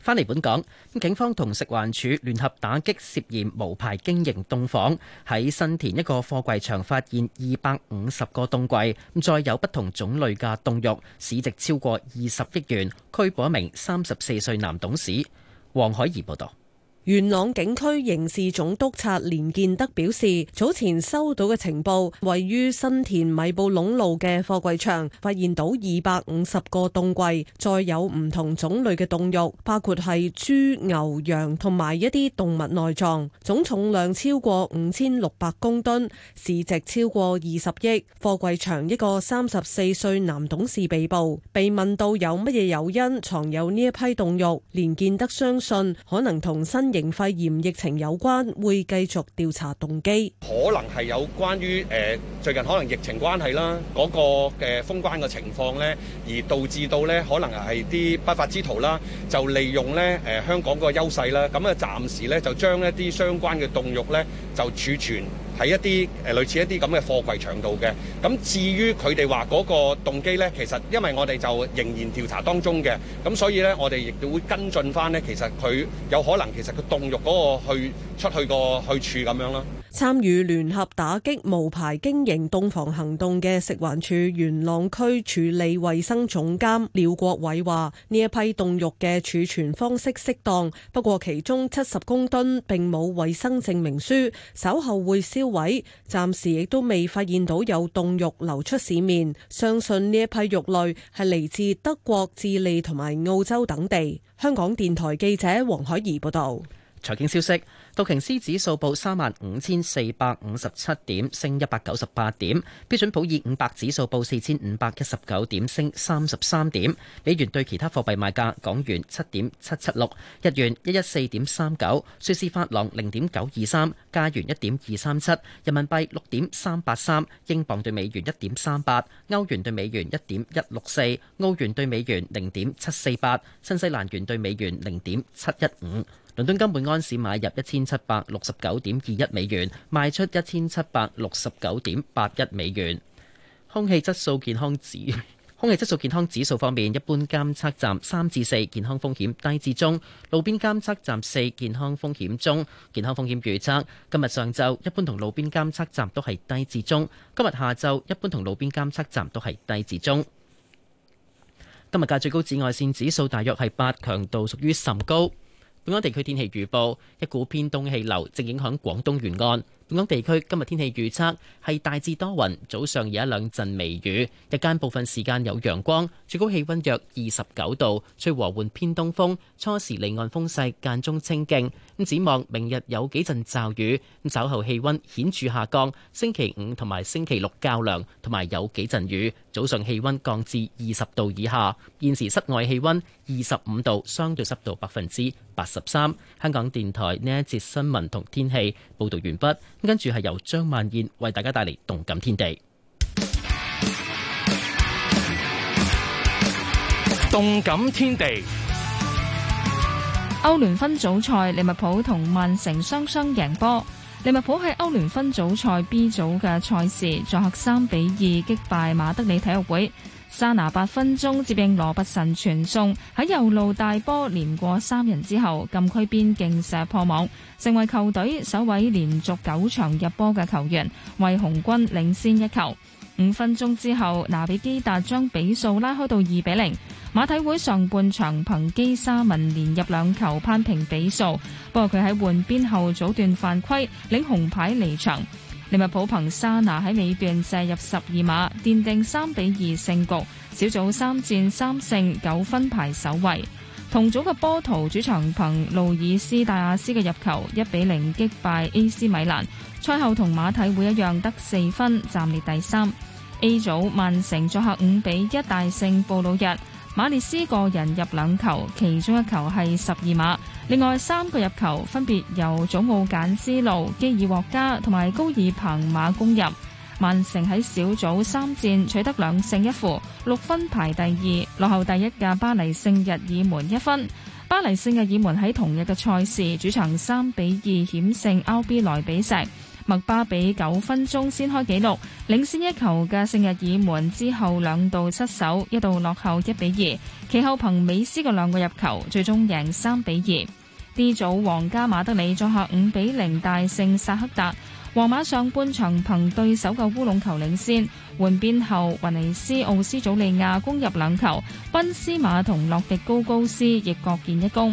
[SPEAKER 13] 翻嚟本港，
[SPEAKER 10] 咁警方同食環署聯合打擊涉嫌無牌經營凍房，喺新田一個貨櫃場發現二百五十個凍櫃，再有不同種類嘅凍肉，市值超過二十億元，拘捕一名三十四歲男董事。黃海怡報
[SPEAKER 14] 道。元朗警區刑事總督察連建德表示，早前收到嘅情報，位於新田米埔隴路嘅貨櫃場發現到二百五十個凍櫃，再有唔同種類嘅凍肉，包括係豬、牛、羊同埋一啲動物內臟，總重量超過五千六百公噸，市值超過二十億。貨櫃場一個三十四歲男董事被捕，被問到有乜嘢誘因藏有呢一批凍肉，連建德相信可能同新型。肺炎疫情有關，會繼續調查動機，
[SPEAKER 1] 可能係有
[SPEAKER 8] 關於誒最近可能疫情關係啦，嗰、那個嘅封關嘅情況咧，而導致到咧可能係啲不法之徒啦，就利用咧誒、呃、香港嗰個優勢
[SPEAKER 1] 啦，咁啊暫時咧就將一啲相關嘅凍肉咧就儲存。喺一啲誒、呃、類似一啲咁嘅貨櫃場度嘅，咁至於佢哋話嗰個動機呢，其實因為我哋就仍然調查當中嘅，咁所以呢，我哋亦都會跟進翻呢。其實佢有可能其實佢凍肉嗰個去出去個去處咁樣咯。
[SPEAKER 14] 參與聯合打擊無牌經營凍房行動嘅食環署元朗區處理衛生總監廖國偉話：呢一批凍肉嘅儲存方式適當，不過其中七十公噸並冇衛生證明書，稍後會銷毀。暫時亦都未發現到有凍肉流出市面，相信呢一批肉類係嚟自德國、智利同埋澳洲等地。香港電台記者黃海怡報道。
[SPEAKER 10] 財經消息。道瓊斯指數報三萬五千四百五十七點，升一百九十八點。標準普爾五百指數報四千五百一十九點，升三十三點。美元對其他貨幣賣價：港元七點七七六，日元一一四點三九，瑞士法郎零點九二三，加元一點二三七，人民幣六點三八三，英鎊對美元一點三八，歐元對美元一點一六四，澳元對美元零點七四八，新西蘭元對美元零點七一五。倫敦金每安士買入一千七百六十九點二一美元，賣出一千七百六十九點八一美元。空氣質素健康指空氣質素健康指數方面，一般監測站三至四，健康風險低至中；路邊監測站四，健康風險中。健康風險預測：今日上晝一般同路邊監測站都係低至中；今日下晝一般同路邊監測站都係低至中。今日嘅最高紫外線指數大約係八，強度屬於甚高。本港地區天氣預報：一股偏東氣流正影響廣東沿岸。本港地區今日天氣預測係大致多雲，早上有一兩陣微雨，日間部分時間有陽光，最高氣溫約二十九度，吹和緩偏東風，初時離岸風勢間中清勁。咁展望明日有幾陣驟雨，咁稍後氣溫顯著下降。星期五同埋星期六較涼，同埋有幾陣雨。早上氣溫降至二十度以下，現時室外氣溫二十五度，相對濕度百分之八十三。香港電台呢一節新聞同天氣報道完畢，跟住係由張曼燕為大家帶嚟動感天地。
[SPEAKER 7] 動感天地，
[SPEAKER 11] 歐聯分組賽，利物浦同曼城雙雙贏波。利物浦喺歐聯分組賽 B 組嘅賽事，作客三比二擊敗馬德里體育會。沙拿八分鐘接應羅伯神傳送，喺右路大波連過三人之後，禁區邊勁射破網，成為球隊首位連續九場入波嘅球員，為紅軍領先一球。五分鐘之後，拿比基達將比數拉開到二比零。馬體會上半場憑基沙文連入兩球扳平比數，不過佢喺換邊後早段犯規，領紅牌離場。利物浦憑沙拿喺尾段射入十二碼，奠定三比二勝局。小組三戰三勝，九分排首位。同組嘅波圖主場憑路易斯戴亞斯嘅入球一比零擊敗 AC 米蘭，賽後同馬體會一樣得四分，暫列第三。A 組曼城作客五比一大勝布魯日，馬列斯個人入兩球，其中一球係十二碼。另外三個入球分別由祖奧簡之路、基爾獲加同埋高爾彭馬攻入。曼城喺小組三戰取得兩勝一負，六分排第二，落後第一嘅巴黎聖日耳門一分。巴黎聖日耳門喺同日嘅賽事主場三比二險勝歐比萊比錫。麥巴比九分鐘先開紀錄，領先一球嘅聖日耳門之後兩度失手，一度落後一比二。其後憑美斯嘅兩個入球，最終贏三比二。D 組皇家馬德里作客五比零大勝薩克達，皇馬上半場憑對手嘅烏龍球領先，換邊後維尼斯、奧斯祖利亞攻入兩球，賓斯馬同洛迪高高斯亦各建一功。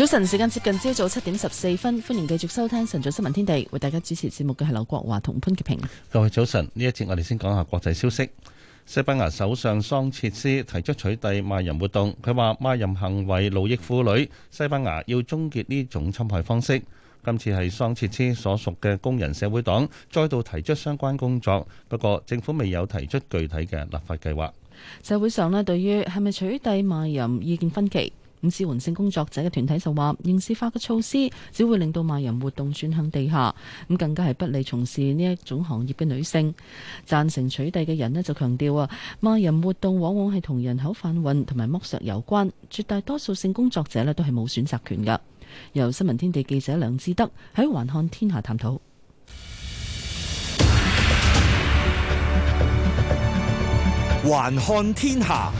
[SPEAKER 3] 早晨，時間接近朝早七點十四分，歡迎繼續收聽《晨早新聞天地》，為大家主持節目嘅係劉國華同潘潔平。
[SPEAKER 4] 各位早晨，呢一節我哋先講下國際消息。西班牙首相桑切斯提出取締賣淫活動，佢話賣淫行為奴役婦女，西班牙要終結呢種侵害方式。今次係桑切斯所屬嘅工人社會黨再度提出相關工作，不過政府未有提出具體嘅立法計劃。
[SPEAKER 3] 社會上咧，對於係咪取締賣淫，意見分歧。咁支援性工作者嘅團體就話，刑事化嘅措施只會令到賣淫活動轉向地下，咁更加係不利從事呢一種行業嘅女性。贊成取締嘅人咧就強調啊，賣淫活動往往係同人口販運同埋剝削有關，絕大多數性工作者咧都係冇選擇權嘅。由新聞天地記者梁志德喺《橫看天下》探討。
[SPEAKER 15] 橫看天下。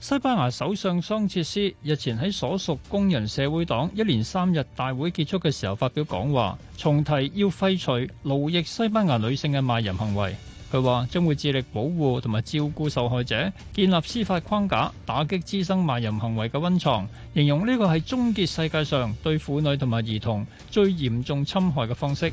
[SPEAKER 15] 西班牙首相桑切斯日前喺所屬工人社會黨一連三日大會結束嘅時候發表講話，重提要廢除奴役西班牙女性嘅賣淫行為。佢話將會致力保護同埋照顧受害者，建立司法框架，打擊滋生賣淫行為嘅溫床，形容呢個係終結世界上對婦女同埋兒童最嚴重侵害嘅方式。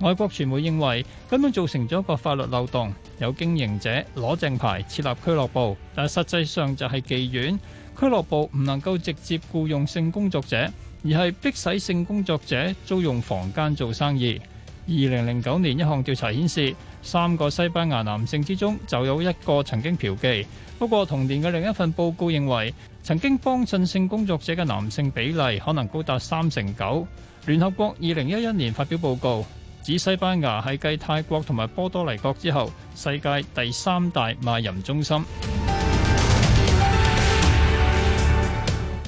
[SPEAKER 15] 外國傳媒認為咁樣造成咗一個法律漏洞，有經營者攞證牌設立俱樂部，但係實際上就係妓院。俱樂部唔能夠直接僱用性工作者，而係迫使性工作者租用房間做生意。二零零九年，一項調查顯示三個西班牙男性之中就有一個曾經嫖妓。不過，同年嘅另一份報告認為曾經幫襯性工作者嘅男性比例可能高達三成九。聯合國二零一一年發表報告，指西班牙係繼泰國同埋波多黎各之後，世界第三大賣淫中心。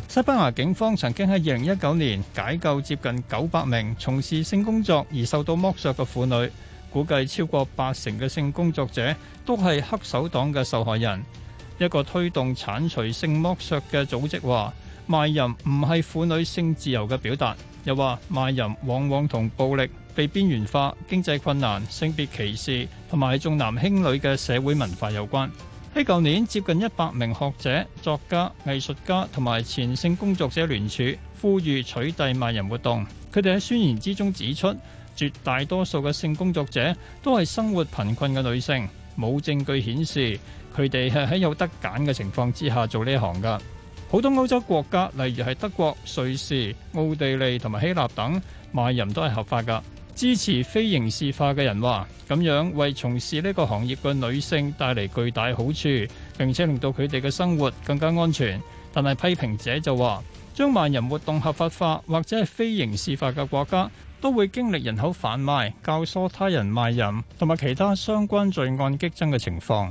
[SPEAKER 15] 西班牙警方曾經喺二零一九年解救接近九百名從事性工作而受到剝削嘅婦女，估計超過八成嘅性工作者都係黑手黨嘅受害人。一個推動剷除性剝削嘅組織話，賣淫唔係婦女性自由嘅表達，又話賣淫往往同暴力、被邊緣化、經濟困難、性別歧視同埋重男輕女嘅社會文化有關。喺舊年，接近一百名學者、作家、藝術家同埋前性工作者聯署，呼籲取締賣淫活動。佢哋喺宣言之中指出，絕大多數嘅性工作者都係生活貧困嘅女性，冇證據顯示佢哋係喺有得揀嘅情況之下做呢行㗎。好多歐洲國家，例如係德國、瑞士、奧地利同埋希臘等，賣淫都係合法㗎。支持非刑事化嘅人話，咁樣為從事呢個行業嘅女性帶嚟巨大好處，並且令到佢哋嘅生活更加安全。但係批評者就話，將萬人活動合法化或者係非刑事化嘅國家，都會經歷人口販賣教唆他人賣淫同埋其他相關罪案激增嘅情況。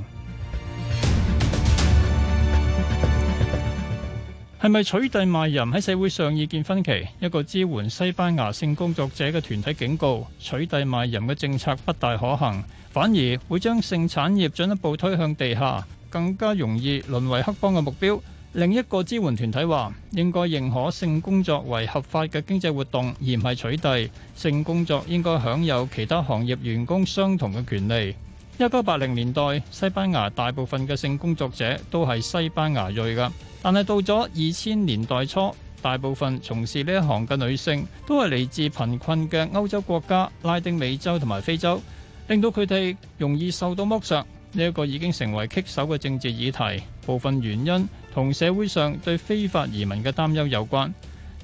[SPEAKER 15] 係咪取締賣淫喺社會上意見分歧？一個支援西班牙性工作者嘅團體警告，取締賣淫嘅政策不大可行，反而會將性產業進一步推向地下，更加容易淪為黑幫嘅目標。另一個支援團體話，應該認可性工作為合法嘅經濟活動，而唔係取締。性工作應該享有其他行業員工相同嘅權利。一九八零年代，西班牙大部分嘅性工作者都係西班牙裔噶，但係到咗二千年代初，大部分從事呢一行嘅女性都係嚟自貧困嘅歐洲國家、拉丁美洲同埋非洲，令到佢哋容易受到剝削。呢一個已經成為棘手嘅政治議題，部分原因同社會上對非法移民嘅擔憂有關。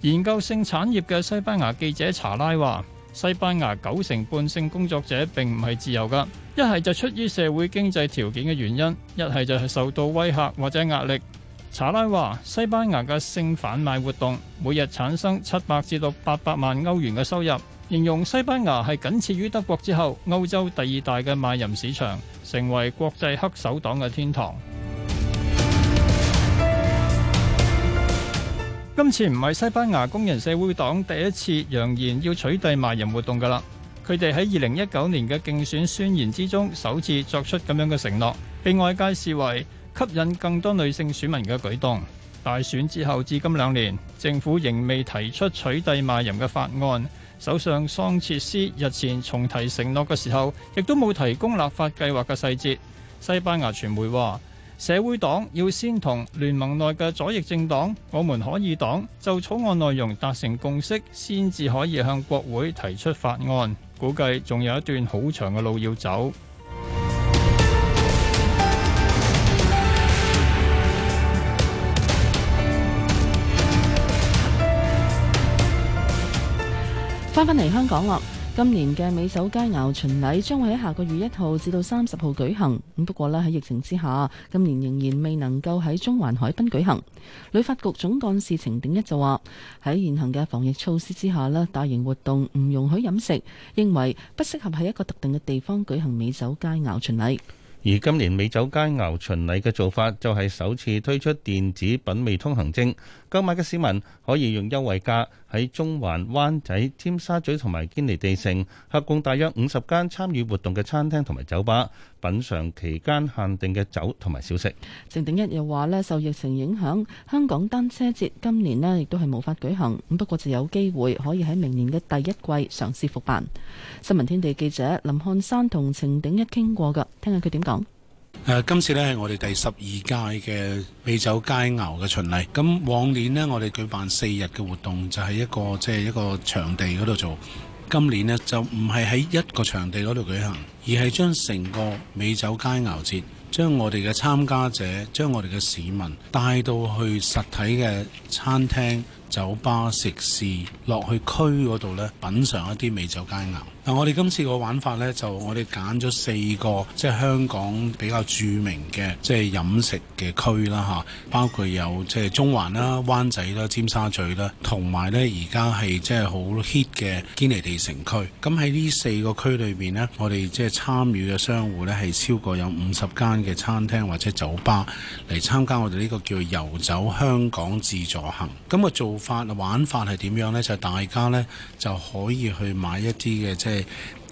[SPEAKER 15] 研究性產業嘅西班牙記者查拉話。西班牙九成半性工作者並唔係自由噶，一係就出於社會經濟條件嘅原因，一係就係受到威吓或者壓力。查拉話：西班牙嘅性販賣活動每日產生七百至到八百萬歐元嘅收入，形容西班牙係僅次於德國之後歐洲第二大嘅賣淫市場，成為國際黑手黨嘅天堂。今次唔係西班牙工人社會黨第一次揚言要取締賣淫活動噶啦，佢哋喺二零一九年嘅競選宣言之中首次作出咁樣嘅承諾，被外界視為吸引更多女性選民嘅舉動。大選之後至今兩年，政府仍未提出取締賣淫嘅法案。首相桑切斯日前重提承諾嘅時候，亦都冇提供立法計劃嘅細節。西班牙傳媒話，社會黨要先同聯盟內嘅左翼政黨，我們可以黨，就草案內容達成共識，先至可以向國會提出法案。估計仲有一段好長嘅路要走。
[SPEAKER 3] 翻返嚟香港咯。今年嘅美酒佳肴巡禮將會喺下個月一號至到三十號舉行。咁不過咧喺疫情之下，今年仍然未能夠喺中環海濱舉行。旅發局總幹事程鼎一就話：喺現行嘅防疫措施之下咧，大型活動唔容許飲食，認為不適合喺一個特定嘅地方舉行美酒佳肴巡禮。
[SPEAKER 4] 而今年美酒佳肴巡禮嘅做法就係首次推出電子品味通行證。購買嘅市民可以用優惠價喺中環灣仔、尖沙咀同埋堅尼地城合共大約五十間參與活動嘅餐廳同埋酒吧品嘗期間限定嘅酒同埋小食。
[SPEAKER 3] 程鼎一又話呢，受疫情影響，香港單車節今年呢亦都係無法舉行，咁不過就有機會可以喺明年嘅第一季嘗試復辦。新聞天地記者林漢山同程鼎一傾過噶，聽下佢點講。
[SPEAKER 16] 呃、今次呢，係我哋第十二屆嘅美酒佳肴嘅巡禮。咁、嗯、往年呢，我哋舉辦四日嘅活動，就係、係、一個即係、就係、一個場地嗰度做。今年呢，就唔係喺一個場地嗰度舉行，而係將成個美酒佳肴節，將我哋嘅參加者，將我哋嘅市民帶到去實體嘅餐廳、酒吧、食肆，落去區嗰度呢，品嚐一啲美酒佳肴。嗱、啊，我哋今次個玩法呢，就我哋揀咗四個即係、就是、香港比較著名嘅即係飲食嘅區啦，嚇、啊，包括有即係、就是、中環啦、灣仔啦、尖沙咀啦，同埋呢而家係即係好 hit 嘅堅尼地城區。咁喺呢四個區裏面呢，我哋即係參與嘅商戶呢，係超過有五十間嘅餐廳或者酒吧嚟參加我哋呢個叫遊走香港自助行。咁、那個做法、玩法係點樣呢？就是、大家呢就可以去買一啲嘅即係。就是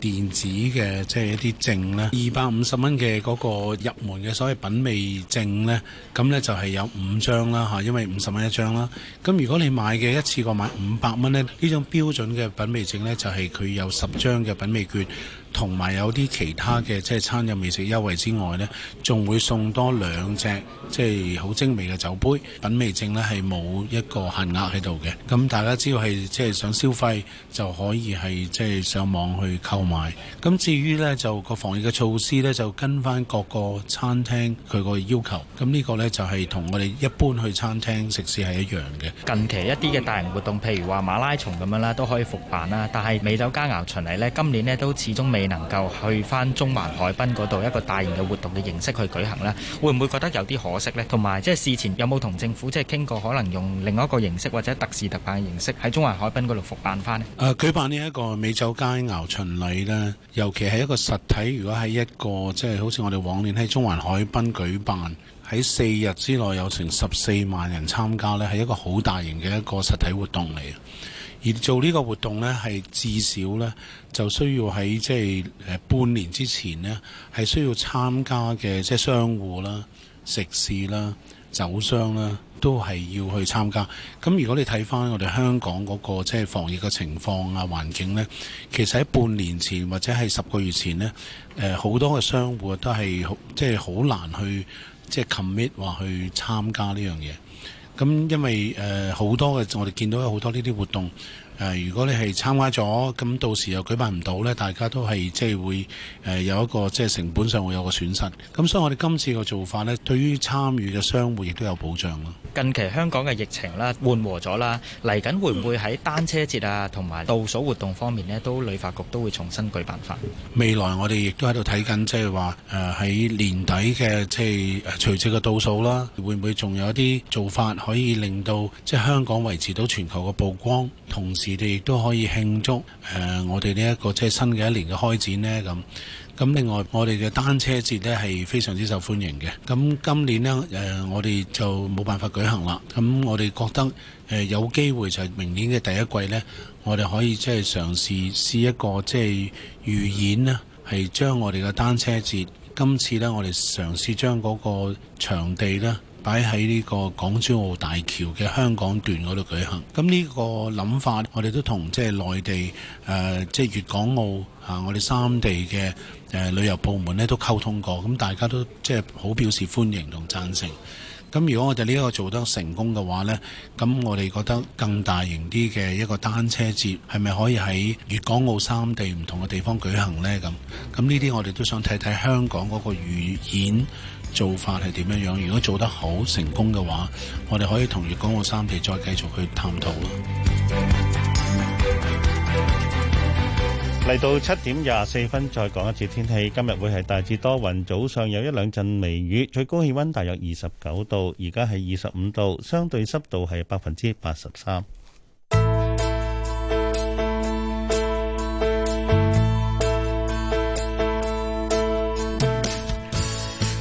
[SPEAKER 16] 電子嘅即係一啲證咧，二百五十蚊嘅嗰個入門嘅所謂品味證呢。咁呢就係有五張啦吓，因為五十蚊一張啦。咁如果你買嘅一次過買五百蚊呢，呢種標準嘅品味證呢，就係佢有十張嘅品味券。同埋有啲其他嘅即係餐飲美食優惠之外咧，仲會送多兩隻即係好精美嘅酒杯，品味證咧係冇一個限額喺度嘅。咁大家只要係即係想消費就可以係即係上網去購買，咁至於咧就個防疫嘅措施咧，就跟翻各個餐廳佢個要求。咁呢個咧就係、是、同我哋一般去餐廳食肆係一樣嘅。近期一啲嘅大型
[SPEAKER 6] 活動譬如話馬拉松咁樣啦，都可以復辦啦。但係美酒佳肴巡禮咧，今年咧都始終未。未能夠去返中環海濱嗰度一個大型嘅活動嘅形式去舉行呢，會唔會覺得有啲可惜呢？同埋即係事前有冇同政府即係傾過，可能用另外一個形式或者特事特辦嘅形式喺中環海濱嗰度復辦返呢？誒、
[SPEAKER 16] 呃，舉辦呢一個美酒佳餚巡禮呢，尤其係一個實體，如果喺一個即係、就是、好似我哋往年喺中環海濱舉辦，喺四日之內有成十四萬人參加呢，係一個好大型嘅一個實體活動嚟。而做呢個活動呢，係至少呢，就需要喺即係誒半年之前呢，係需要參加嘅即係商戶啦、食肆啦、酒商啦，都係要去參加。咁如果你睇翻我哋香港嗰、那個即係、就是、防疫嘅情況啊環境呢，其實喺半年前或者係十個月前呢，誒、呃、好多嘅商戶都係即係好難去即係、就是、commit 話去參加呢樣嘢。咁因為誒好多嘅，我哋見到有好多呢啲活動。誒，如果你係參加咗，咁到時又舉辦唔到咧，大家都係即係會誒有一個即係成本上會有個損失。咁所以我哋今次個做法呢，對於參與嘅商戶亦都有保障咯。近
[SPEAKER 6] 期香港嘅疫情咧緩和咗啦，嚟緊會唔會喺單車節啊同埋倒數活
[SPEAKER 16] 動方面呢，都旅發局都會重新舉辦返？未來我哋亦都喺度睇緊，即係話誒喺年底嘅、就是、即係除夕嘅倒數啦，會唔會仲有一啲做法可以令到即係、就是、香港維持到全球嘅曝光，同時，哋亦都可以慶祝誒、呃，我哋呢一個即係新嘅一年嘅開展呢。咁。咁另外，我哋嘅單車節呢係非常之受歡迎嘅。咁今年呢，誒、呃，我哋就冇辦法舉行啦。咁我哋覺得誒、呃、有機會就係明年嘅第一季呢，我哋可以即係嘗試試一個即係預演呢，係將我哋嘅單車節，今次呢，我哋嘗試將嗰個場地呢。擺喺呢個港珠澳大橋嘅香港段嗰度舉行，咁呢個諗法，我哋都同即係內地誒，即、呃、係、即係、粵港澳啊，我哋三地嘅誒、呃、旅遊部門咧都溝通過，咁大家都即係好表示歡迎同贊成。咁如果我哋呢個做得成功嘅話呢，咁我哋覺得更大型啲嘅一個單車節，係咪可以喺粵港澳三地唔同嘅地方舉行呢？咁，咁呢啲我哋都想睇睇香港嗰個預演。做法係點樣樣？如果做得好成功嘅話，我哋可以同粵港澳三地再繼續去探討啦。
[SPEAKER 4] 嚟到七點廿四分，再講一次天氣。今日會係大致多雲，早上有一兩陣微雨。最高氣温大約二十九度，而家係二十五度，相對濕度係百分之八十三。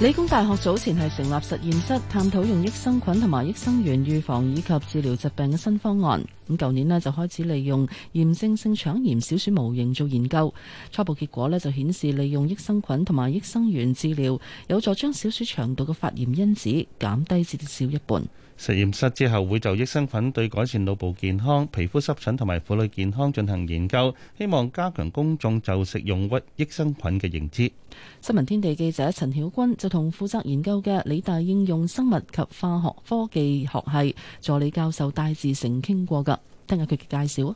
[SPEAKER 3] 理工大學早前係成立實驗室，探討用益生菌同埋益生元預防以及治療疾病嘅新方案。咁舊年呢，就開始利用炎症性腸炎小鼠模型做研究，初步結果呢，就顯示利用益生菌同埋益生元治療，有助將小鼠腸道嘅發炎因子減低至少一半。
[SPEAKER 4] 實驗室之後會就益生菌對改善腦部健康、皮膚濕疹同埋婦女健康進行研究，希望加強公眾就食用益益生菌嘅認知。
[SPEAKER 3] 新聞天地記者陳曉君就同負責研究嘅理大應用生物及化學科技學系助理教授戴志成傾過㗎，聽下佢嘅介紹啊。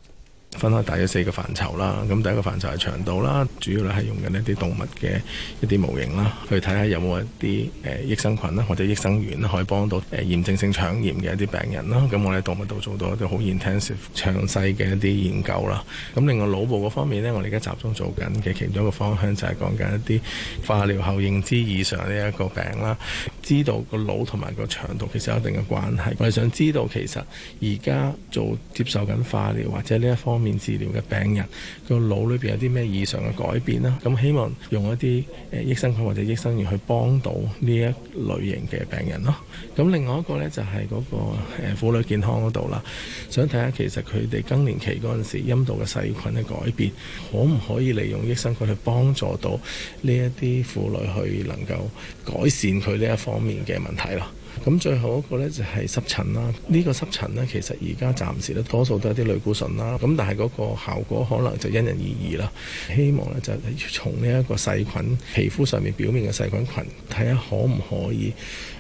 [SPEAKER 17] 分開大約四個範疇啦，咁第一個範疇係腸道啦，主要咧係用緊一啲動物嘅一啲模型啦，去睇下有冇一啲誒益生菌啦或者益生元啦可以幫到誒炎症性腸炎嘅一啲病人啦。咁我哋喺動物度做到一啲好 intensive 詳細嘅一啲研究啦。咁另外腦部嗰方面呢，我哋而家集中做緊嘅其中一個方向就係講緊一啲化療後認知異常呢一個病啦。知道個腦同埋個腸道其實有一定嘅關係，我哋想知道其實而家做接受緊化療或者呢一方方面治療嘅病人，個腦裏邊有啲咩異常嘅改變啦？咁希望用一啲誒益生菌或者益生元去幫到呢一類型嘅病人咯。咁另外一個呢，就係嗰個誒婦女健康嗰度啦，想睇下其實佢哋更年期嗰陣時陰道嘅細菌嘅改變，可唔可以利用益生菌去幫助到呢一啲婦女去能夠改善佢呢一方面嘅問題咯。咁最後一個呢，就係濕疹啦，呢個濕疹呢，其實而家暫時咧多數都係啲類固醇啦，咁但係嗰個效果可能就因人而異啦。希望呢，就係從呢一個細菌皮膚上面表面嘅細菌群，睇下可唔可以、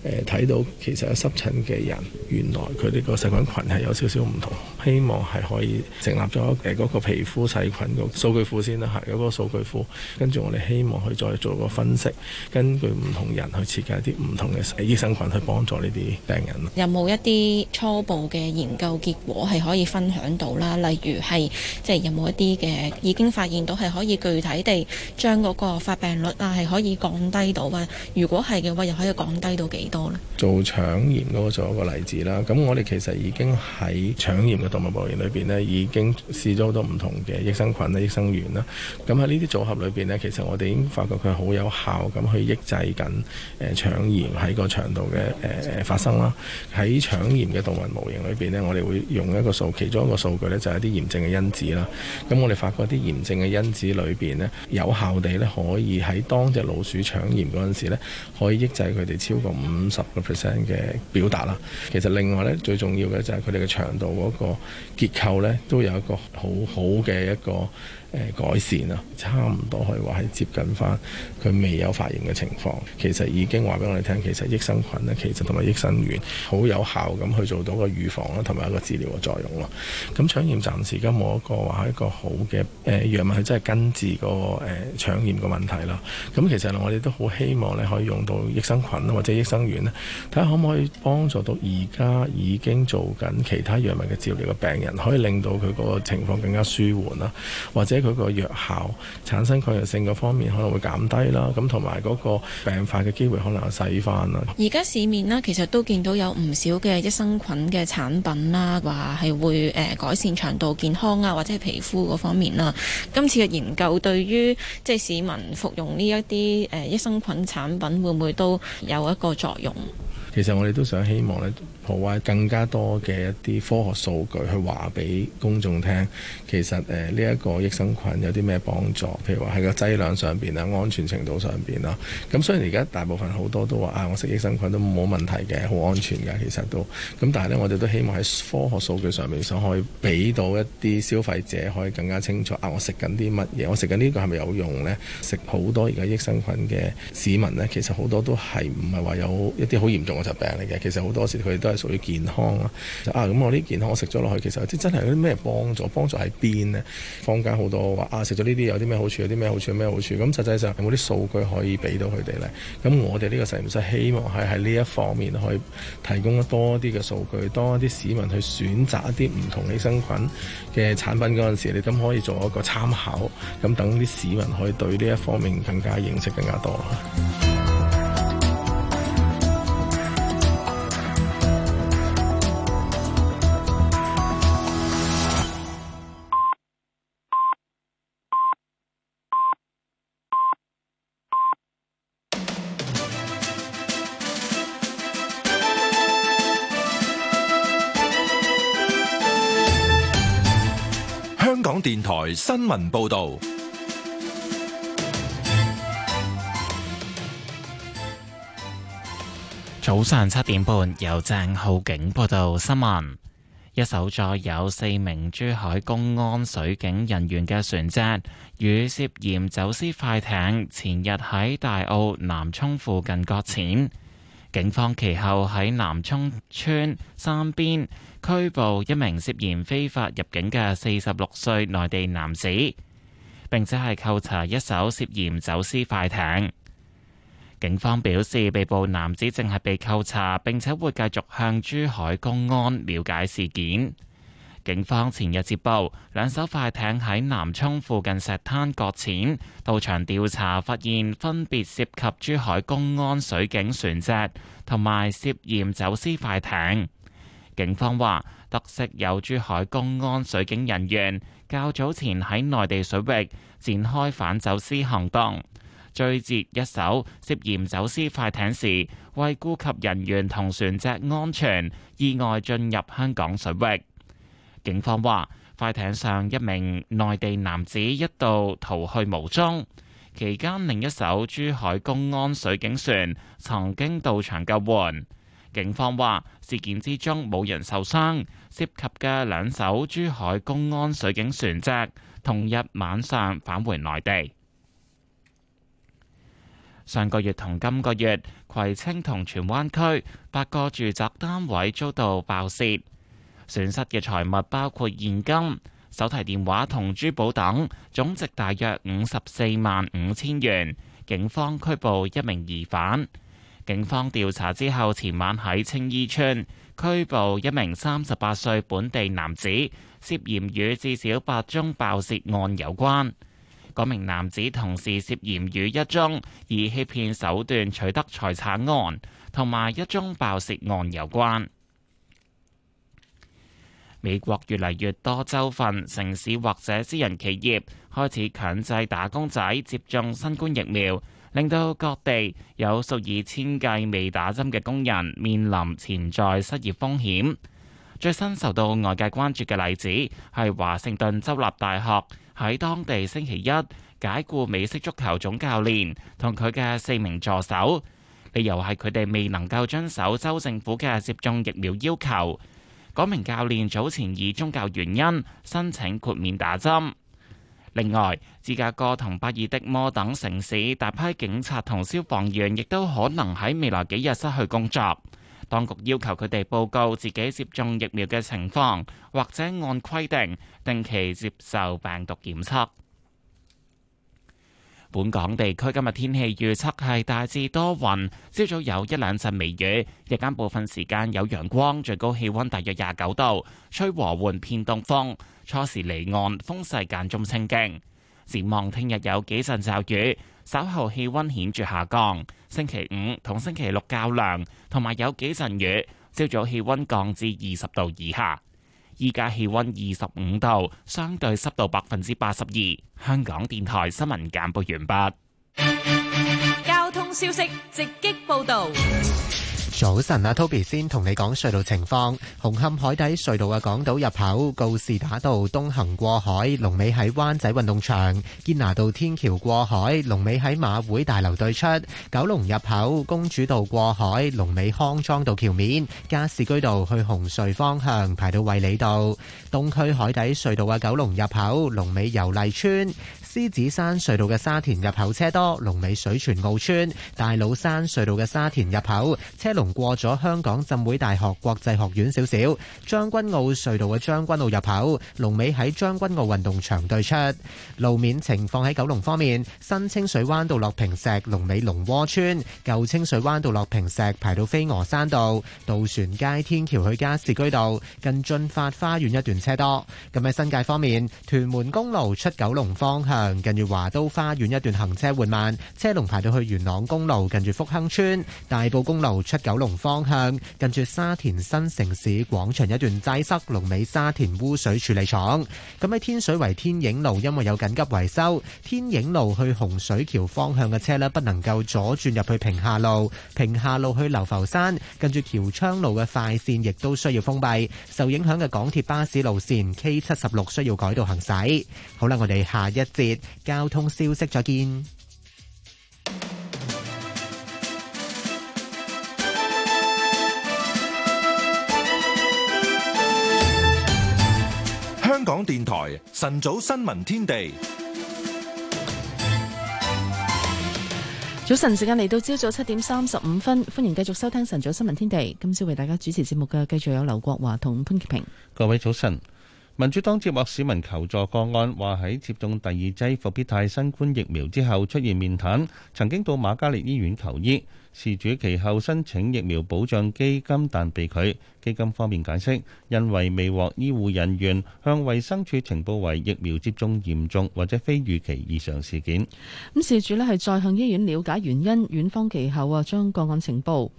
[SPEAKER 17] 呃、睇到其實有濕疹嘅人原來佢呢個細菌群係有少少唔同，希望係可以成立咗誒嗰個皮膚細菌嘅數據庫先啦，係有個數據庫，跟住我哋希望去再做個分析，根據唔同人去設計啲唔同嘅益生菌去幫。做呢啲病人
[SPEAKER 5] 有冇一啲初步嘅研究結果係可以分享到啦？例如係即係有冇一啲嘅已經發現到係可以具體地將嗰個發病率啊，係可以降低到
[SPEAKER 14] 啊？如果係嘅話，又可以降低到幾多咧？
[SPEAKER 17] 做腸炎嗰個，做一個例子啦。咁我哋其實已經喺腸炎嘅動物模型裏邊呢，已經試咗好多唔同嘅益生菌咧、益生元啦。咁喺呢啲組合裏邊呢，其實我哋已經發覺佢好有效咁去抑制緊誒腸炎喺個腸度嘅誒。誒發生啦，喺腸炎嘅動物模型裏邊呢，我哋會用一個數，其中一個數據呢，就係啲炎症嘅因子啦。咁我哋發覺啲炎症嘅因子裏邊呢，有效地呢，可以喺當隻老鼠腸炎嗰陣時咧，可以抑制佢哋超過五十個 percent 嘅表達啦。其實另外呢，最重要嘅就係佢哋嘅腸道嗰個結構咧，都有一個好好嘅一個。誒、嗯、改善啊，差唔多可以話係接近翻佢未有發炎嘅情況。其實已經話俾我哋聽，其實益生菌呢，其實同埋益生元好有效咁去做到個預防啦，同埋一個治療嘅作用咯。咁腸炎暫時而家冇一個話一個好嘅誒、呃、藥物去真係根治、那個誒腸炎嘅問題啦。咁其實我哋都好希望你可以用到益生菌或者益生元呢，睇下可唔可以幫助到而家已經做緊其他藥物嘅治療嘅病人，可以令到佢個情況更加舒緩啦，或者。嗰個藥效產生抗藥性嗰方面可能會減低啦，咁同埋嗰個病發嘅機會可能會細翻啦。
[SPEAKER 5] 而家市面呢，其實都見到有唔少嘅益生菌嘅產品啦，話係會誒改善腸道健康啊，或者係皮膚嗰方面啦。今次嘅研究對於即係市民服用呢一啲誒益生菌產品，會唔會都有一個作用？
[SPEAKER 17] 其實我哋都想希望咧。好啊！更加多嘅一啲科學數據去話俾公眾聽，其實誒呢一個益生菌有啲咩幫助？譬如話喺個劑量上邊啊，安全程度上邊啦。咁所以而家大部分好多都話啊，我食益生菌都冇問題嘅，好安全㗎。其實都咁、嗯，但係呢，我哋都希望喺科學數據上面想可以俾到一啲消費者可以更加清楚啊！我食緊啲乜嘢？我食緊呢個係咪有用呢？食好多而家益生菌嘅市民呢？其是是」其實好多都係唔係話有一啲好嚴重嘅疾病嚟嘅。其實好多時佢都係。屬於健康啦啊！咁我啲健康我食咗落去，其實啲真係有啲咩幫助？幫助喺邊呢？坊間好多話啊，食咗呢啲有啲咩好處？有啲咩好處？有咩好處？咁實際上有冇啲數據可以俾到佢哋呢？咁我哋呢個實驗室希望係喺呢一方面可以提供多啲嘅數據，多啲市民去選擇一啲唔同嘅生菌嘅產品嗰陣時，你咁可以做一個參考，咁等啲市民可以對呢一方面更加認識，更加多。
[SPEAKER 1] 電台新
[SPEAKER 13] 聞報道：早上七點半，由鄭浩景報道新聞。一艘載有四名珠海公安水警人員嘅船隻，與涉嫌走私快艇前日喺大澳南涌附近擱淺。警方其後喺南涌村山邊拘捕一名涉嫌非法入境嘅四十六歲內地男子，並且係扣查一艘涉嫌走私快艇。警方表示，被捕男子正係被扣查，並且會繼續向珠海公安了解事件。警方前日接報，兩艘快艇喺南涌附近石灘擱淺，到場調查發現分別涉及珠海公安水警船隻同埋涉嫌走私快艇。警方話，得悉有珠海公安水警人員較早前喺內地水域展開反走私行動，追截一艘涉嫌走私快艇時，為顧及人員同船隻安全，意外進入香港水域。警方話，快艇上一名內地男子一度逃去無蹤，期間另一艘珠海公安水警船曾經到場救援。警方話，事件之中冇人受傷，涉及嘅兩艘珠海公安水警船隻同日晚上返回內地。上個月同今個月，葵青同荃灣區八個住宅單位遭到爆竊。損失嘅財物包括現金、手提電話同珠寶等，總值大約五十四萬五千元。警方拘捕一名疑犯。警方調查之後，前晚喺青衣村拘捕一名三十八歲本地男子，涉嫌與至少八宗爆竊案有關。嗰名男子同時涉嫌與一宗以欺騙手段取得財產案同埋一宗爆竊案有關。美國越嚟越多州份、城市或者私人企業開始強制打工仔接種新冠疫苗，令到各地有數以千計未打針嘅工人面臨潛在失業風險。最新受到外界關注嘅例子係華盛頓州立大學喺當地星期一解雇美式足球總教練同佢嘅四名助手，理由係佢哋未能夠遵守州政府嘅接種疫苗要求。嗰名教練早前以宗教原因申請豁免打針。另外，芝加哥同巴爾的摩等城市大批警察同消防員亦都可能喺未來幾日失去工作。當局要求佢哋報告自己接種疫苗嘅情況，或者按規定定期接受病毒檢測。本港地區今日天氣預測係大致多雲，朝早有一兩陣微雨，日間部分時間有陽光，最高氣溫大約廿九度，吹和緩偏東風，初時離岸風勢間中清勁。展望聽日有幾陣驟雨，稍後氣溫顯著下降。星期五同星期六較涼，同埋有幾陣雨，朝早氣溫降至二十度以下。依家氣溫二十五度，相對濕度百分之八十二。香港電台新聞簡報完畢。
[SPEAKER 12] 交通消息
[SPEAKER 14] 直擊報道。
[SPEAKER 13] 早晨啊，Toby 先同你講隧道情況。紅
[SPEAKER 9] 磡海底隧道嘅港島入口告士打道東行過海龍尾喺灣仔運動場；堅拿道天橋過海龍尾喺馬會大樓對出；九龍入口公主道過海龍尾康莊道橋面；加士居道去紅隧方向排到衛理道；東區海底隧道嘅九龍入口龍尾油麗邨。獅子山隧道嘅沙田入口車多，龍尾水泉澳村；大老山隧道嘅沙田入口車龍過咗香港浸會大學國際學院少少，將軍澳隧道嘅將軍澳入口龍尾喺將軍澳運動場對出。路面情況喺九龍方面，新清水灣道落坪石龍尾龍窩村，舊清水灣道落坪石排到飛鵝山道，渡船街天橋去加士居道近駿發花園一段車多。咁喺新界方面，屯門公路出九龍方向。近住華都花園一段行車緩慢，車龍排到去元朗公路近住福亨村，大埔公路出九龍方向，近住沙田新城市廣場一段擠塞，龍尾沙田污水處理廠。咁喺天水圍天影路因為有緊急維修，天影路去洪水橋方向嘅車咧不能夠左轉入去平下路，平下路去流浮山近住橋昌路嘅快線亦都需要封閉，受影響嘅港鐵巴士路線 K 七十六，需要改道行駛。好啦，我哋下一節。交通消息，再見。
[SPEAKER 1] 香港電台晨早新聞天地，
[SPEAKER 3] 早晨時間嚟到，朝早七點三十五分，歡迎繼續收聽晨早新聞天地。今朝為大家主持節目嘅，繼續有劉國華同潘潔平。
[SPEAKER 4] 各位早晨。民主黨接獲市民求助個案，話喺接種第二劑復必泰新冠疫苗之後出現面癱，曾經到瑪嘉烈醫院求醫。事主其後申請疫苗保障基金，但被拒。基金方面解釋，因為未獲醫護人員向衛生署呈報為疫苗接種嚴重或者非預期異常事件。
[SPEAKER 3] 咁事主咧係再向醫院了解原因，院方其後話將個案呈報。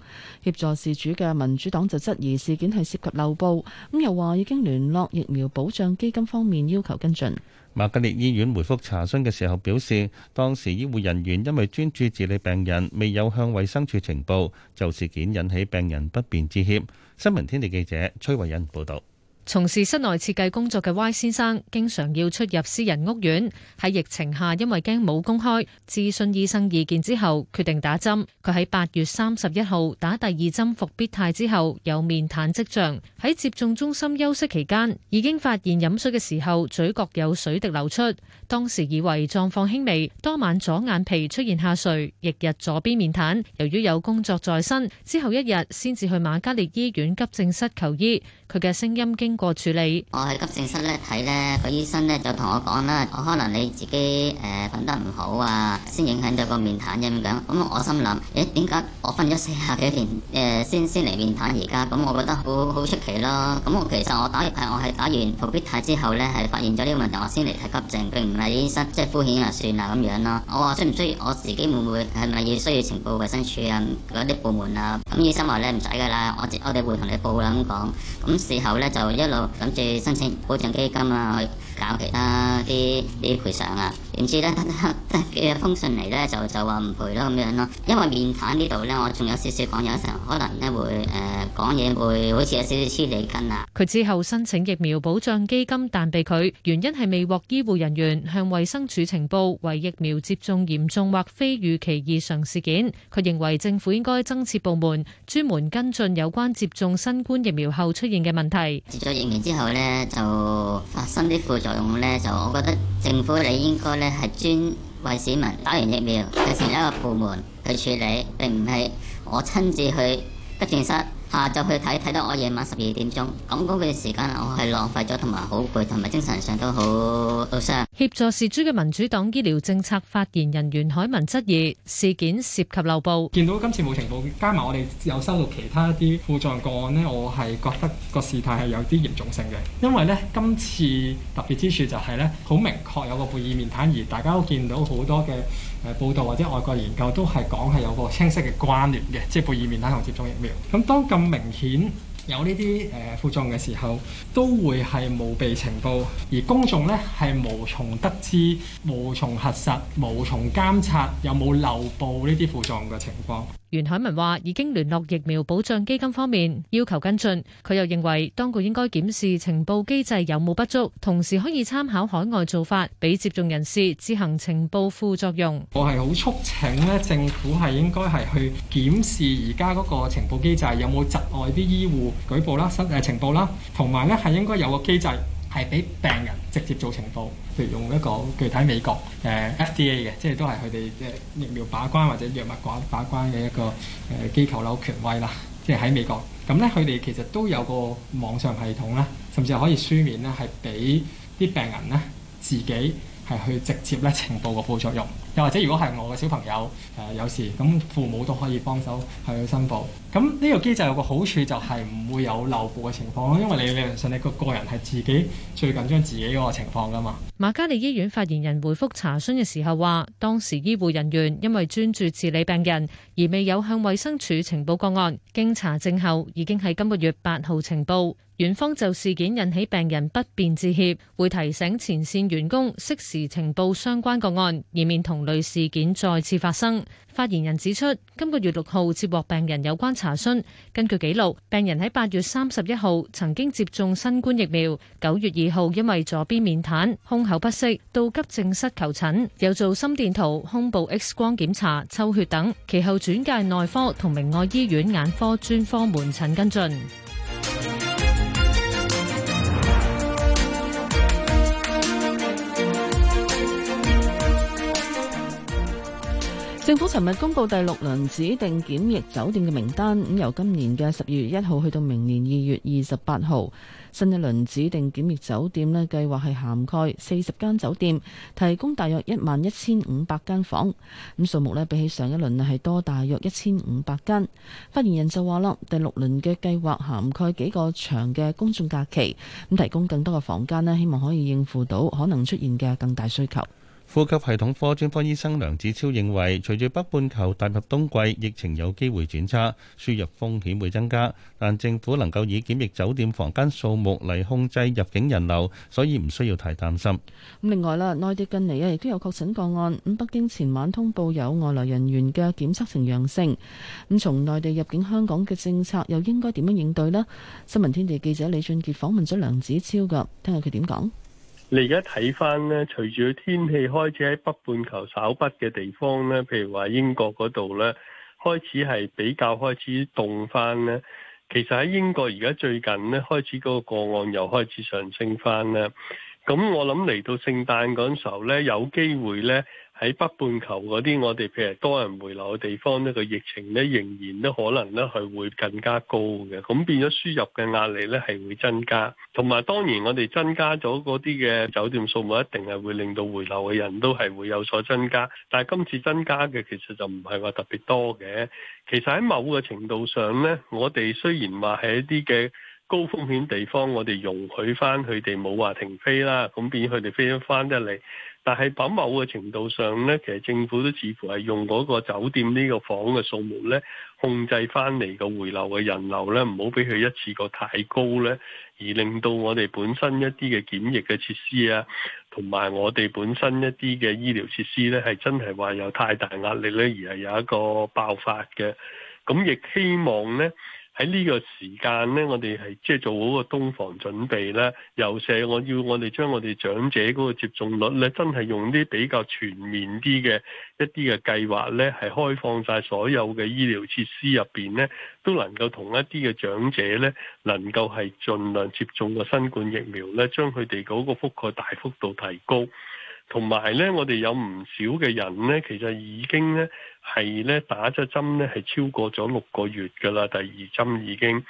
[SPEAKER 3] 協助事主嘅民主黨就質疑事件係涉及漏報，咁又話已經聯絡疫苗保障基金方面要求跟進。
[SPEAKER 4] 瑪嘉烈醫院回覆查詢嘅時候表示，當時醫護人員因為專注治理病人，未有向衛生署呈報就事件引起病人不便致歉。新聞天地記者崔慧欣
[SPEAKER 13] 報道。
[SPEAKER 12] 從事室內設計工作嘅 Y 先生，經常要出入私人屋苑。喺疫情下，因為驚冇工開，諮詢醫生意見之後，決定打針。佢喺八月三十一號打第二針復必泰之後，有面癱跡象。喺接種中心休息期間，已經發現飲水嘅時候嘴角有水滴流出，當時以為狀況輕微。當晚左眼皮出現下垂，翌日左邊面癱。由於有工作在身，之後一日先至去瑪嘉烈醫院急症室求醫。佢嘅
[SPEAKER 18] 聲音經過處理。我喺急症室咧睇咧，個醫生咧就同我講啦：，我可能你自己誒瞓、呃、得唔好啊，先影響咗個面癱咁樣。咁我心諗：，誒點解我瞓咗四十幾年誒、呃、先先嚟面癱而家？咁我覺得好好出奇咯。咁我其實我打疫苗，我係打完復必泰之後咧係發現咗呢個問題，我先嚟睇急症，並唔係醫生即係敷衍啊算啦咁樣咯。我話需唔需要我自己會唔會係咪要需要呈報衞生署啊嗰啲部門啊？咁醫生話咧唔使噶啦，我我哋會同你報啦咁講。咁事後咧就一路諗住申請保障基金啊。搞其他啲啲賠償啊，點知呢？得封信嚟呢，就就話唔賠咯咁樣咯。因為面癱呢度呢，我仲有少少講，有時候可能呢會誒講嘢會好似有少少黐脷筋啊。
[SPEAKER 12] 佢之後申請疫苗保障基金，但被拒，原因係未獲醫護人員向衛生署呈報為疫苗接種嚴重或非預期異常事件。佢認為政府應該增設部門，專門跟進有關接種新冠疫苗後出現嘅問題。
[SPEAKER 18] 接咗疫苗之後呢，就發生啲作用咧就，我覺得政府你應該咧係專為市民打完疫苗，係成一個部門去處理，並唔係我親自去急症室。下晝去睇睇，到我夜晚十二點鐘，咁嗰段時間我係浪費咗同埋好攰，同埋精神上都好攰。上協助事主
[SPEAKER 12] 嘅民主黨醫療政策發言人袁海文質疑事件涉及漏報，見到
[SPEAKER 7] 今次冇情報，加埋我哋有收到其他一啲附狀個案呢，我係覺得個事態係有啲嚴重性嘅。因為呢，今次特別之處就係呢，好明確有個貝爾面癱，而大家都見到好多嘅。誒報道或者外國研究都係講係有個清晰嘅關聯嘅，即係貝爾面癱同接種疫苗。咁當咁明顯有呢啲誒副作用嘅時候，都會係無被呈報，而公眾呢係無從得知、無從核實、無從監察有冇漏報呢啲副作用嘅情況。
[SPEAKER 12] 袁海文話：已經聯絡疫苗保障基金方面要求跟進。佢又認為當局應該檢視情報機制有冇不足，同時可以參考海外做法，俾接種人士自行情報副作用。
[SPEAKER 7] 我係好促請咧，政府係應該係去檢視而家嗰個情報機制有冇窒礙啲醫護舉報啦、失誒情報啦，同埋呢係應該有個機制。係俾病人直接做呈報，譬如用一個，譬如喺美國誒 FDA 嘅，即係都係佢哋即疫苗把關或者藥物把關嘅一個誒機構啦，權威啦，即係喺美國，咁咧佢哋其實都有個網上系統啦，甚至係可以書面咧係俾啲病人咧自己係去直接咧呈報個副作用。又或者如果係我嘅小朋友誒有事，咁父母都可以幫手去申報。咁呢個機制有個好處，就係唔會有漏報嘅情況咯，因為你理論上你個個人係自己最緊張自己嗰個情況噶嘛。
[SPEAKER 12] 馬嘉烈醫院發言人回覆查詢嘅時候話，當時醫護人員因為專注治理病人，而未有，有向衛生署呈報個案。經查證後已經係今個月八號呈報，院方就事件引起病人不便致歉，會提醒前線員工適時呈報相關個案，以免同。類事件再次發生。發言人指出，今個月六號接獲病人有關查詢，根據記錄，病人喺八月三十一號曾經接種新冠疫苗，九月二號因為左邊面癱、胸口不適，到急症室求診，又做心電圖、胸部 X 光檢查、抽血等，其後轉介內科同明愛醫院眼科專科門診跟進。
[SPEAKER 3] 政府尋日公布第六輪指定檢疫酒店嘅名單，咁由今年嘅十二月一號去到明年二月二十八號，新一輪指定檢疫酒店呢計劃係涵蓋四十間酒店，提供大約一萬一千五百間房，咁數目呢比起上一輪呢係多大約一千五百間。發言人就話啦，第六輪嘅計劃涵蓋幾個長嘅公眾假期，咁提供更多嘅房間呢，希望可以應付到可能出現嘅更大需求。
[SPEAKER 4] 呼吸系統科專科醫生梁子超認為，隨住北半球踏入冬季，疫情有機會轉差，輸入風險會增加，但政府能夠以檢疫酒店房間數目嚟控制入境人流，所以唔需要太擔心。
[SPEAKER 3] 咁另外啦，內地近嚟啊亦都有確診個案，咁北京前晚通報有外來人員嘅檢測呈陽性。咁從內地入境香港嘅政策又應該點樣應對呢？新聞天地記者李俊傑訪問咗梁子超㗎，聽下佢點講。
[SPEAKER 19] 你而家睇翻咧，隨住天氣開始喺北半球稍北嘅地方咧，譬如話英國嗰度咧，開始係比較開始凍翻咧。其實喺英國而家最近咧，開始嗰個個案又開始上升翻咧。咁我諗嚟到聖誕嗰時候咧，有機會咧。喺北半球嗰啲，我哋譬如多人回流嘅地方咧，個疫情咧仍然都可能咧係會更加高嘅，咁變咗輸入嘅壓力咧係會增加，同埋當然我哋增加咗嗰啲嘅酒店數目，一定係會令到回流嘅人都係會有所增加，但係今次增加嘅其實就唔係話特別多嘅，其實喺某個程度上咧，我哋雖然話係一啲嘅高風險地方，我哋容許翻佢哋冇話停飛啦，咁變咗佢哋飛咗翻得嚟。但係，喺某個程度上呢，其實政府都似乎係用嗰個酒店呢個房嘅數目呢，控制翻嚟個回流嘅人流呢，唔好俾佢一次過太高呢，而令到我哋本身一啲嘅檢疫嘅設施啊，同埋我哋本身一啲嘅醫療設施呢，係真係話有太大壓力呢，而係有一個爆發嘅。咁亦希望呢。喺呢個時間呢，我哋係即係做好個冬防準備呢，尤其我要我哋將我哋長者嗰個接種率呢，真係用啲比較全面啲嘅一啲嘅計劃呢，係開放晒所有嘅醫療設施入邊呢，都能夠同一啲嘅長者呢，能夠係盡量接種個新冠疫苗呢，將佢哋嗰個覆蓋大幅度提高。同埋呢，我哋有唔少嘅人呢，其實已經呢，係呢打咗針呢，係超過咗六個月噶啦，第二針已經，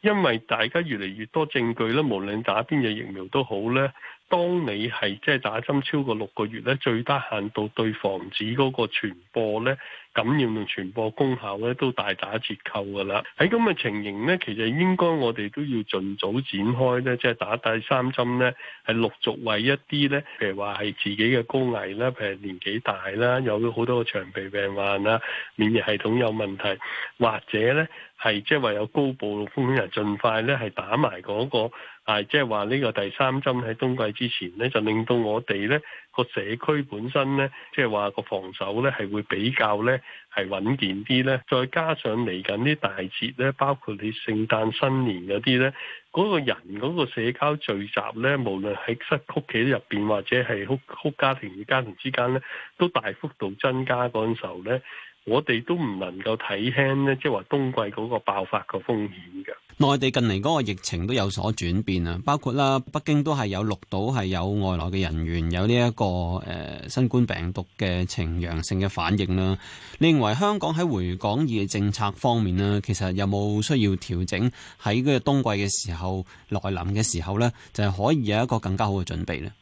[SPEAKER 19] 因為大家越嚟越多證據啦，無論打邊隻疫苗都好呢。當你係即係打針超過六個月咧，最低限度對防止嗰個傳播咧，感染同傳播功效咧都大打折扣㗎啦。喺咁嘅情形咧，其實應該我哋都要儘早展開咧，即係打第三針咧，係陸續為一啲咧，譬如話係自己嘅高危啦，譬如年紀大啦，有好多個長期病患啦，免疫系統有問題，或者咧係即係話有高暴露風險人，儘快咧係打埋嗰個。係即係話呢個第三針喺冬季之前呢，就令到我哋呢個社區本身呢，即係話個防守呢係會比較呢係穩健啲呢。再加上嚟緊啲大節呢，包括你聖誕新年嗰啲呢，嗰、嗰個人嗰個社交聚集呢，無論喺室屋企入邊或者係屋屋家庭與家庭之間呢，都大幅度增加嗰陣時候呢。我哋都唔能夠睇輕咧，即係話冬季嗰個爆發個風險嘅。
[SPEAKER 13] 內地近嚟嗰個疫情都有所轉變啊，包括啦，北京都係有錄到係有外來嘅人員有呢、這、一個誒、呃、新冠病毒嘅呈陽性嘅反應啦。你認為香港喺回港易政策方面咧，其實有冇需要調整喺嗰個冬季嘅時候來臨嘅時候呢就係可以有一個更加好嘅準備咧？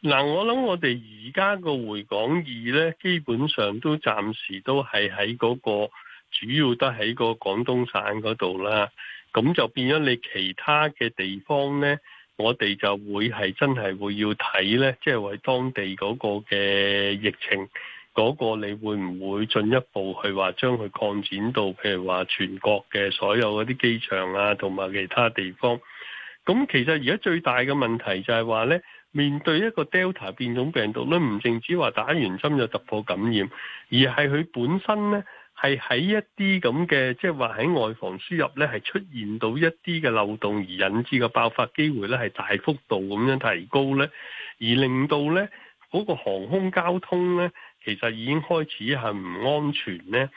[SPEAKER 19] 嗱，我諗我哋而家個回港易呢，基本上都暫時都係喺嗰個主要，都喺個廣東省嗰度啦。咁就變咗你其他嘅地方呢，我哋就會係真係會要睇呢，即係為當地嗰個嘅疫情嗰個，你會唔會進一步去話將佢擴展到譬如話全國嘅所有嗰啲機場啊，同埋其他地方？咁其實而家最大嘅問題就係話呢，面對一個 Delta 變種病毒咧，唔淨止話打完針就突破感染，而係佢本身咧，係喺一啲咁嘅，即係話喺外防輸入咧，係出現到一啲嘅漏洞而引致嘅爆發機會咧，係大幅度咁樣提高咧，而令到咧嗰個航空交通咧，其實已經開始係唔安全咧。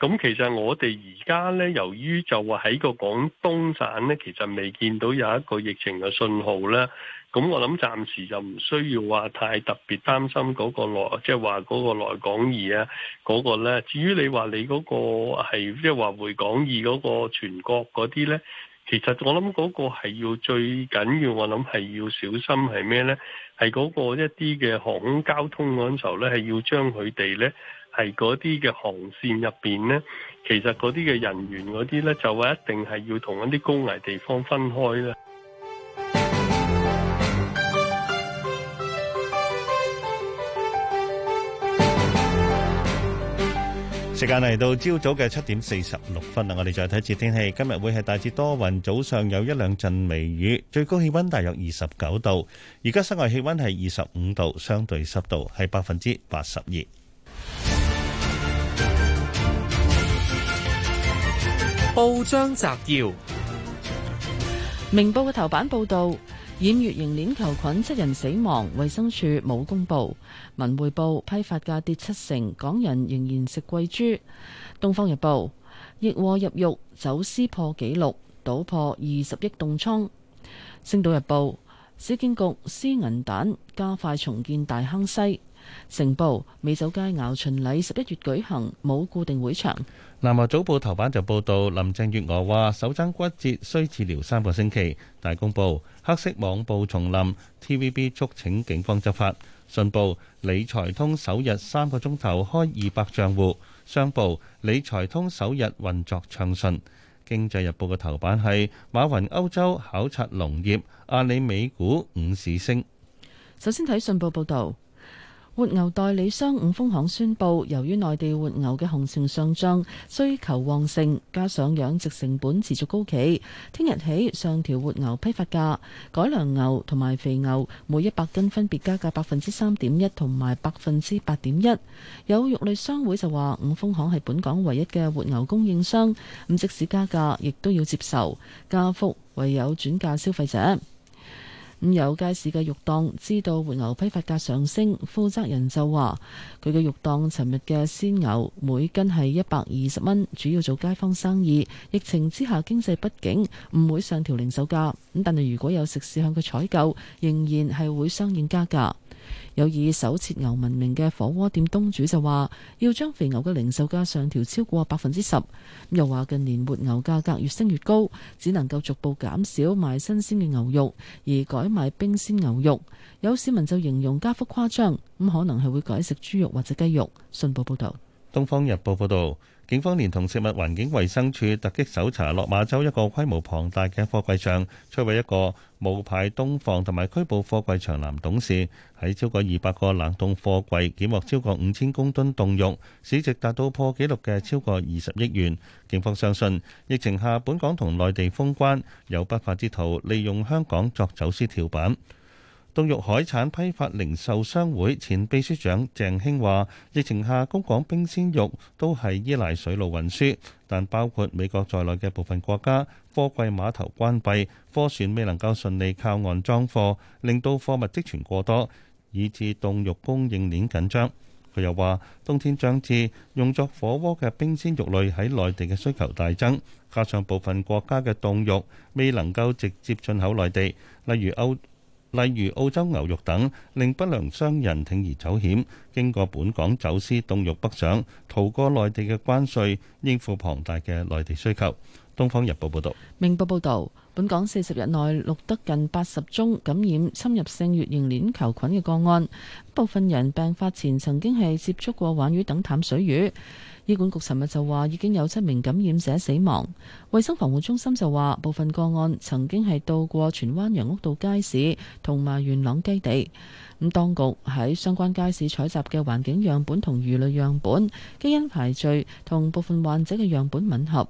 [SPEAKER 19] 咁其實我哋而家咧，由於就話喺個廣東省咧，其實未見到有一個疫情嘅信號咧。咁我諗暫時就唔需要話太特別擔心嗰個來，即係話嗰個來港易啊嗰個咧。至於你話你嗰個係即係話回港易嗰個全國嗰啲咧，其實我諗嗰個係要最緊要，我諗係要小心係咩咧？係嗰個一啲嘅航空交通嗰陣時候咧，係要將佢哋咧。係嗰啲嘅航綫入邊咧，其實嗰啲嘅人員嗰啲咧，就會一定係要同一啲高危地方分開啦。
[SPEAKER 4] 時間嚟到朝早嘅七點四十六分啦，我哋再睇一次天氣。今日會係大致多雲，早上有一兩陣微雨，最高氣溫大約二十九度。而家室外氣溫係二十五度，相對濕度係百分之八十二。
[SPEAKER 3] 報章摘要：明報嘅頭版報道，染乙型鏈球菌七人死亡，衛生署冇公布。文匯報，批發價跌七成，港人仍然食貴豬。東方日報，逆禍入獄，走私破紀錄，倒破二十億凍倉。星島日報，市建局撕銀彈，加快重建大坑西。成報美酒佳餚巡禮十一月舉行，冇固定會場。
[SPEAKER 4] 南華早報頭版就報道，林鄭月娥話手踭骨折需治療三個星期。大公報黑色網報重臨，TVB 促請警方執法。信報理財通首日三個鐘頭開二百賬戶。商報理財通首日運作暢順。經濟日報嘅頭版係馬雲歐洲考察農業，阿里美股午市升。
[SPEAKER 3] 首先睇信報報道。活牛代理商五豐行宣布，由於內地活牛嘅行情上漲，需求旺盛，加上養殖成本持續高企，聽日起上調活牛批發價，改良牛同埋肥牛每一百斤分別加價百分之三點一同埋百分之八點一。有肉類商會就話，五豐行係本港唯一嘅活牛供應商，咁即使加價，亦都要接受加幅，唯有轉嫁消費者。咁有街市嘅肉檔知道活牛批發價上升，負責人就話：佢嘅肉檔尋日嘅鮮牛每斤係一百二十蚊，主要做街坊生意。疫情之下經濟不景，唔會上調零售價。咁但係如果有食肆向佢採購，仍然係會相應加價。有以手切牛聞名嘅火鍋店東主就話，要將肥牛嘅零售價上調超過百分之十。又話近年活牛價格越升越高，只能夠逐步減少賣新鮮嘅牛肉，而改賣冰鮮牛肉。有市民就形容加幅誇張，咁可能係會改食豬肉或者雞肉。信報報道，
[SPEAKER 4] 《東方日報》報道。警方連同食物環境衞生署突擊搜查落馬洲一個規模龐大嘅貨櫃場，摧毀一個無牌東房同埋拘捕貨櫃場男董事，喺超過二百個冷凍貨櫃檢獲超過五千公噸凍肉，市值達到破紀錄嘅超過二十億元。警方相信，疫情下本港同內地封關，有不法之徒利用香港作走私跳板。凍肉海產批發零售商會前秘書長鄭興話：，疫情下，供港冰鮮肉都係依賴水路運輸，但包括美國在內嘅部分國家貨櫃碼頭關閉，貨船未能夠順利靠岸裝貨，令到貨物積存過多，以致凍肉供應鏈緊張。佢又話：，冬天將至，用作火鍋嘅冰鮮肉類喺內地嘅需求大增，加上部分國家嘅凍肉未能夠直接進口內地，例如歐。例如澳洲牛肉等，令不良商人鋌而走險，經過本港走私凍肉北上，逃過內地嘅關稅，應付龐大嘅內地需求。《東方日報》報導。
[SPEAKER 3] 《明報》報導，本港四十日內錄得近八十宗感染侵入性乙型鏈球菌嘅個案，部分人病發前曾經係接觸過鯇魚等淡水魚。醫管局尋日就話已經有七名感染者死亡。衛生防護中心就話，部分個案曾經係到過荃灣楊屋道街市同埋元朗基地。咁當局喺相關街市採集嘅環境樣本同魚類樣本基因排序同部分患者嘅樣本吻合。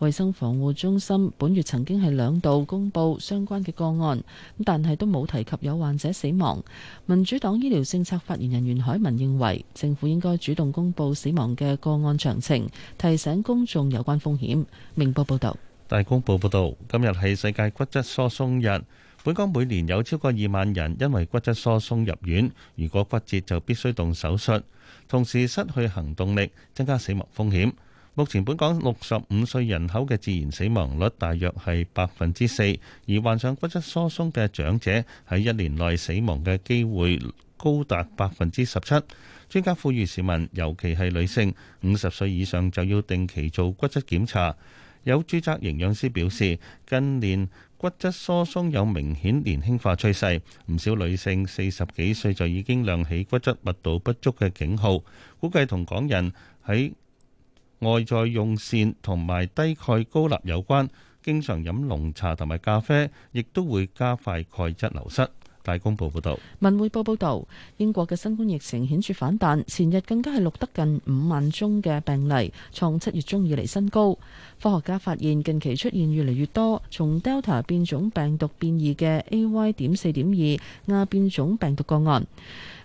[SPEAKER 3] 衛生防護中心本月曾經係兩度公布相關嘅個案，咁但係都冇提及有患者死亡。民主黨醫療政策發言人袁海文認為，政府應該主動公布死亡嘅個案詳情，提醒公眾有關風險。明報報道，
[SPEAKER 4] 大公報報道，今日係世界骨質疏鬆日。本港每年有超過二萬人因為骨質疏鬆入院，如果骨折就必須動手術，同時失去行動力，增加死亡風險。目前本港六十五歲人口嘅自然死亡率大約係百分之四，而患上骨質疏鬆嘅長者喺一年內死亡嘅機會高達百分之十七。專家呼籲市民，尤其係女性五十歲以上就要定期做骨質檢查。有註冊營養師表示，近年骨質疏鬆有明顯年輕化趨勢，唔少女性四十幾歲就已經亮起骨質密度不足嘅警號，估計同港人喺外在用膳同埋低鈣高鈉有關，經常飲濃茶同埋咖啡，亦都會加快鈣質流失。大公報報道，
[SPEAKER 3] 文匯報報道，英國嘅新冠疫情顯著反彈，前日更加係錄得近五萬宗嘅病例，創七月中以嚟新高。科學家發現近期出現越嚟越多從 Delta 變種病毒變異嘅 AY 點四點二亞變種病毒個案，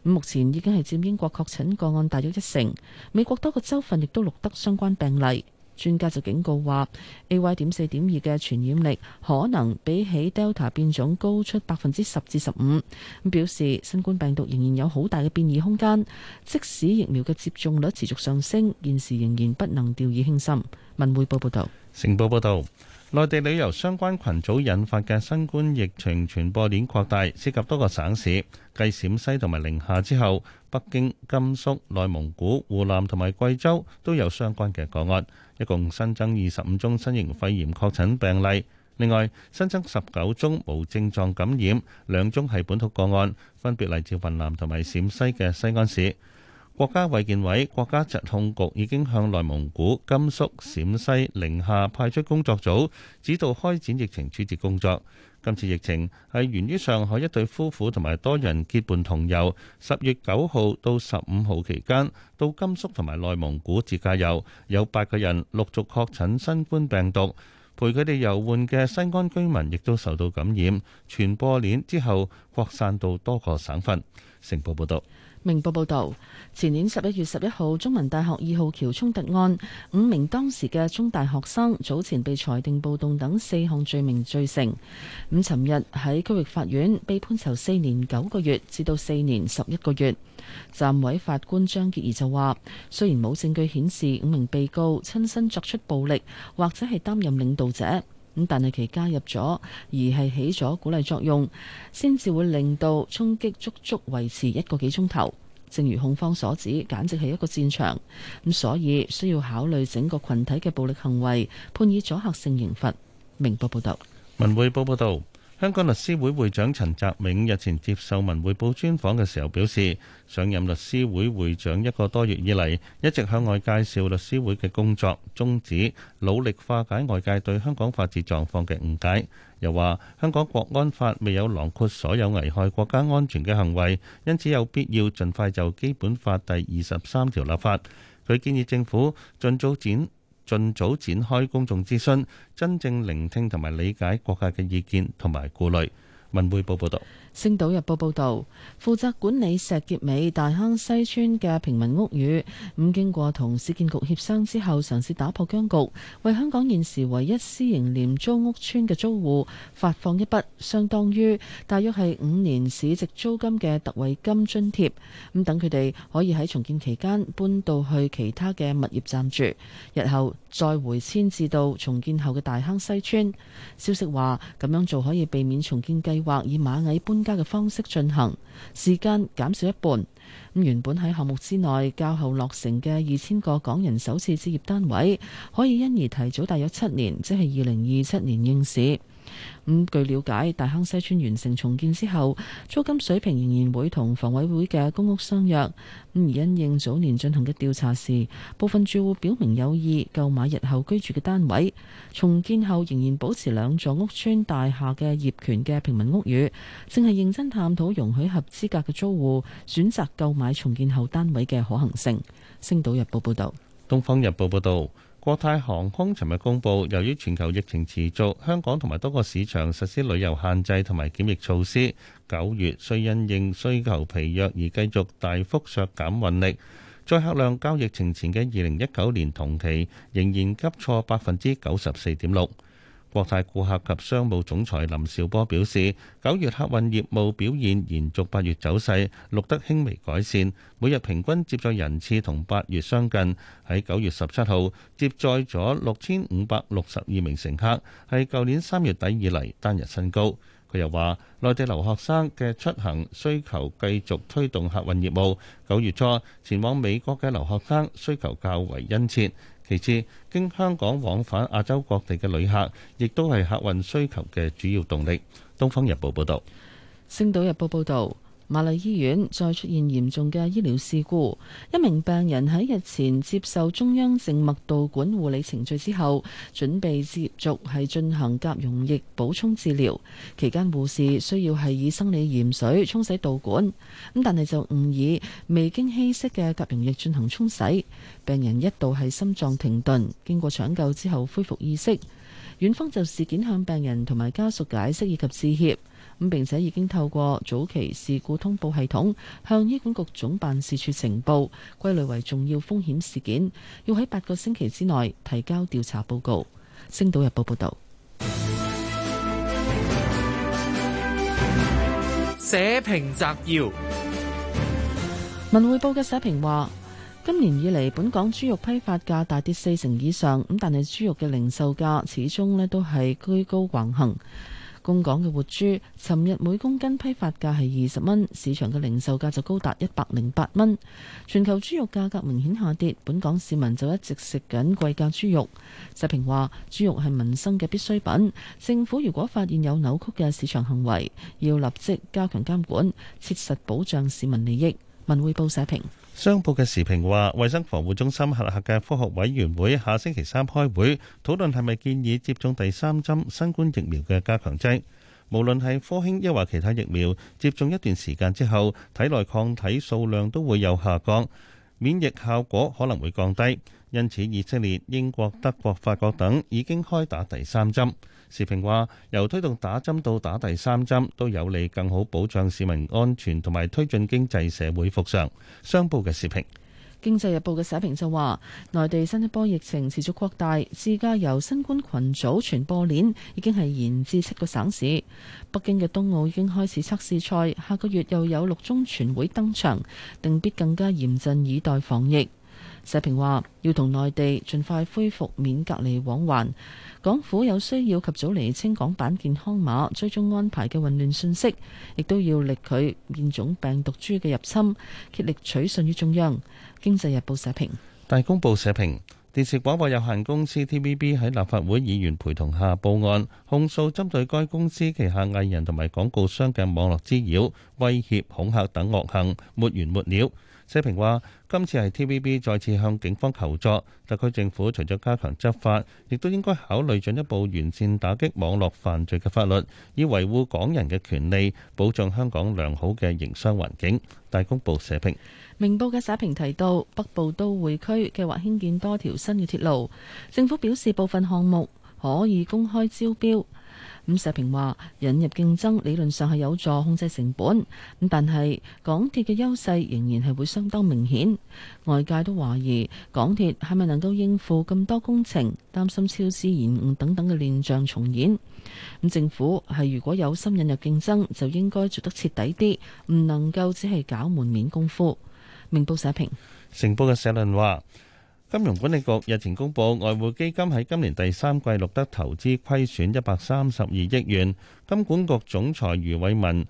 [SPEAKER 3] 目前已經係佔英國確診個案大約一成。美國多個州份亦都錄得相關病例。專家就警告話，A Y 點四點二嘅傳染力可能比起 Delta 變種高出百分之十至十五。咁表示新冠病毒仍然有好大嘅變異空間，即使疫苗嘅接種率持續上升，現時仍然不能掉以輕心。文匯報報道。
[SPEAKER 4] 成報報導，內地旅遊相關群組引發嘅新冠疫情傳播鏈擴大，涉及多個省市。繼陝西同埋寧夏之後，北京、甘肅、內蒙古、湖南同埋貴州都有相關嘅個案，一共新增二十五宗新型肺炎確診病例。另外，新增十九宗無症狀感染，兩宗係本土個案，分別嚟自雲南同埋陝西嘅西安市。國家衛健委、國家疾控局已經向內蒙古、甘肅、陝西、寧夏派出工作組，指導開展疫情處置工作。今次疫情係源於上海一對夫婦同埋多人結伴同遊，十月九號到十五號期間到甘肅同埋內蒙古自駕遊，有八個人陸續確診新冠病毒，陪佢哋遊玩嘅西安居民亦都受到感染，傳播鏈之後擴散到多個省份。成報報道。
[SPEAKER 3] 明報報道，前年十一月十一號，中文大學二號橋衝突案，五名當時嘅中大學生早前被裁定暴動等四項罪名罪成。咁，尋日喺區域法院被判囚四年九個月至到四年十一個月。暫委法官張杰兒就話，雖然冇證據顯示五名被告親身作出暴力或者係擔任領導者。咁但係其加入咗，而係起咗鼓勵作用，先至會令到衝擊足足維持一個幾鐘頭。正如控方所指，簡直係一個戰場。咁所以需要考慮整個群體嘅暴力行為，判以阻嚇性刑罰。明報報道。
[SPEAKER 4] 文匯報報道。香港律師會會長陳澤銘日前接受文匯報專訪嘅時候表示，上任律師會會長一個多月以嚟，一直向外介紹律師會嘅工作宗旨，止努力化解外界對香港法治狀況嘅誤解。又話香港國安法未有囊括所有危害國家安全嘅行為，因此有必要盡快就基本法第二十三條立法。佢建議政府盡早展盡早展開公眾諮詢，真正聆聽同埋理解各界嘅意見同埋顧慮。文匯報報道：
[SPEAKER 3] 《星島日報》報道，負責管理石硤尾大坑西村嘅平民屋宇，咁經過同市建局協商之後，嘗試打破僵局，為香港現時唯一私營廉租屋村嘅租戶發放一筆相當於大約係五年市值租金嘅特惠金津貼，咁等佢哋可以喺重建期間搬到去其他嘅物業暫住，日後，再回遷至到重建後嘅大坑西村。消息話，咁樣做可以避免重建計劃以螞蟻搬家嘅方式進行，時間減少一半。咁原本喺項目之內較後落成嘅二千個港人首次置業單位，可以因而提早大約七年，即係二零二七年應市。咁、嗯、據了解，大坑西村完成重建之後，租金水平仍然會同房委會嘅公屋相約。而、嗯、因應早年進行嘅調查時，部分住戶表明有意購買日後居住嘅單位。重建後仍然保持兩座屋村大廈嘅業權嘅平民屋宇，正係認真探討容許合資格嘅租戶選擇購買重建後單位嘅可行性。《星島日報》報道，
[SPEAKER 4] 《東方日報》報道。國泰航空尋日公布，由於全球疫情持續，香港同埋多個市場實施旅遊限制同埋檢疫措施，九月雖因應需求疲弱而繼續大幅削減運力，載客量較疫情前嘅二零一九年同期仍然急挫百分之九十四點六。國泰顧客及商務總裁林兆波表示，九月客運業務表現延續八月走勢，錄得輕微改善。每日平均接載人次同八月相近，喺九月十七號接載咗六千五百六十二名乘客，係舊年三月底以嚟單日新高。佢又話，內地留學生嘅出行需求繼續推動客運業務。九月初前往美國嘅留學生需求較為殷切。其次，經香港往返亞洲各地嘅旅客，亦都係客運需求嘅主要動力。《東方日報》報道。
[SPEAKER 3] 《星島日報》報道。瑪麗醫院再出現嚴重嘅醫療事故，一名病人喺日前接受中央靜脈導管護理程序之後，準備接續係進行鉀溶液補充治療，期間護士需要係以生理鹽水沖洗導管，咁但係就誤以未經稀釋嘅鉀溶液進行沖洗，病人一度係心臟停頓，經過搶救之後恢復意識，院方就事件向病人同埋家屬解釋以及致歉。咁並且已經透過早期事故通報系統向醫管局總辦事處呈報，歸類為重要風險事件，要喺八個星期之內提交調查報告。星島日報報道，
[SPEAKER 13] 社評摘要：
[SPEAKER 3] 文匯報嘅社評話，今年以嚟本港豬肉批發價大跌四成以上，咁但係豬肉嘅零售價始終咧都係居高橫行。供港嘅活豬，尋日每公斤批發價係二十蚊，市場嘅零售價就高達一百零八蚊。全球豬肉價格明顯下跌，本港市民就一直食緊貴價豬肉。社評話：豬肉係民生嘅必需品，政府如果發現有扭曲嘅市場行為，要立即加強監管，切實保障市民利益。文匯報社評。商
[SPEAKER 4] 報嘅時評話，衞生防護中心轄下嘅科學委員會下星期三開會，討論係咪建議接種第三針新冠疫苗嘅加強劑。無論係科興抑或其他疫苗，接種一段時間之後，體內抗體數量都會有下降。免疫效果可能會降低，因此以色列、英國、德國、法國等已經開打第三針。時評話，由推動打針到打第三針，都有利更好保障市民安全同埋推進經濟社會復常。商報嘅時評。
[SPEAKER 3] 經濟日報嘅社評就話，內地新一波疫情持續擴大，自駕遊新冠群組傳播鏈已經係延至七個省市。北京嘅冬奧已經開始測試賽，下個月又有六中全會登場，定必更加嚴陣以待防疫。社評話要同內地盡快恢復免隔離往還，港府有需要及早厘清港版健康碼追蹤安排嘅混亂信息，亦都要力拒變種病毒株嘅入侵，竭力取信於中央。《經濟日報》社評，
[SPEAKER 4] 大公報社評，電視廣播有限公司 TVB 喺立法會議員陪同下報案，控訴針對該公司旗下藝人同埋廣告商嘅網絡滋擾、威脅、恐吓等惡行，沒完沒了。社評話：今次係 TVB 再次向警方求助，特區政府除咗加強執法，亦都應該考慮進一步完善打擊網絡犯罪嘅法律，以維護港人嘅權利，保障香港良好嘅營商環境。大公報社評。
[SPEAKER 3] 明報嘅社評提到，北部都會區計劃興建多條新嘅鐵路，政府表示部分項目可以公開招標。咁社評話引入競爭理論上係有助控制成本，咁但係港鐵嘅優勢仍然係會相當明顯。外界都懷疑港鐵係咪能夠應付咁多工程，擔心超支延誤等等嘅亂象重演。咁政府係如果有心引入競爭，就應該做得徹底啲，唔能夠只係搞門面功夫。明報社評，
[SPEAKER 4] 成報嘅社論話。金融管理局日前公布，外匯基金喺今年第三季錄得投資虧損一百三十二億元。金管局總裁余偉文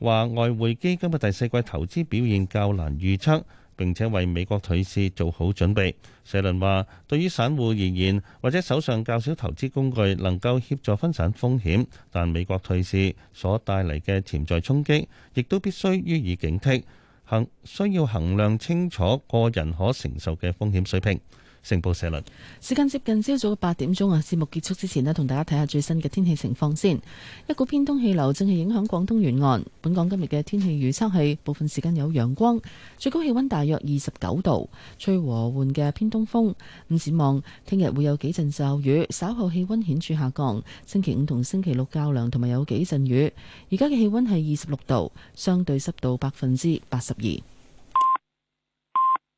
[SPEAKER 4] 話：外匯基金嘅第四季投資表現較難預測，並且為美國退市做好準備。社論話：對於散戶而言，或者手上較少投資工具，能夠協助分散風險，但美國退市所帶嚟嘅潛在衝擊，亦都必須予以警惕。衡需要衡量清楚個人可承受嘅風險水平。成報社論。
[SPEAKER 3] 時間接近朝早嘅八點鐘啊，節目結束之前呢，同大家睇下最新嘅天氣情況先。一股偏東氣流正係影響廣東沿岸，本港今日嘅天氣預測係部分時間有陽光，最高氣温大約二十九度，吹和緩嘅偏東風。咁展望聽日會有幾陣驟雨，稍後氣温顯著下降。星期五同星期六較涼，同埋有幾陣雨。而家嘅氣温
[SPEAKER 11] 係二十六度，相對濕度百分之八十二。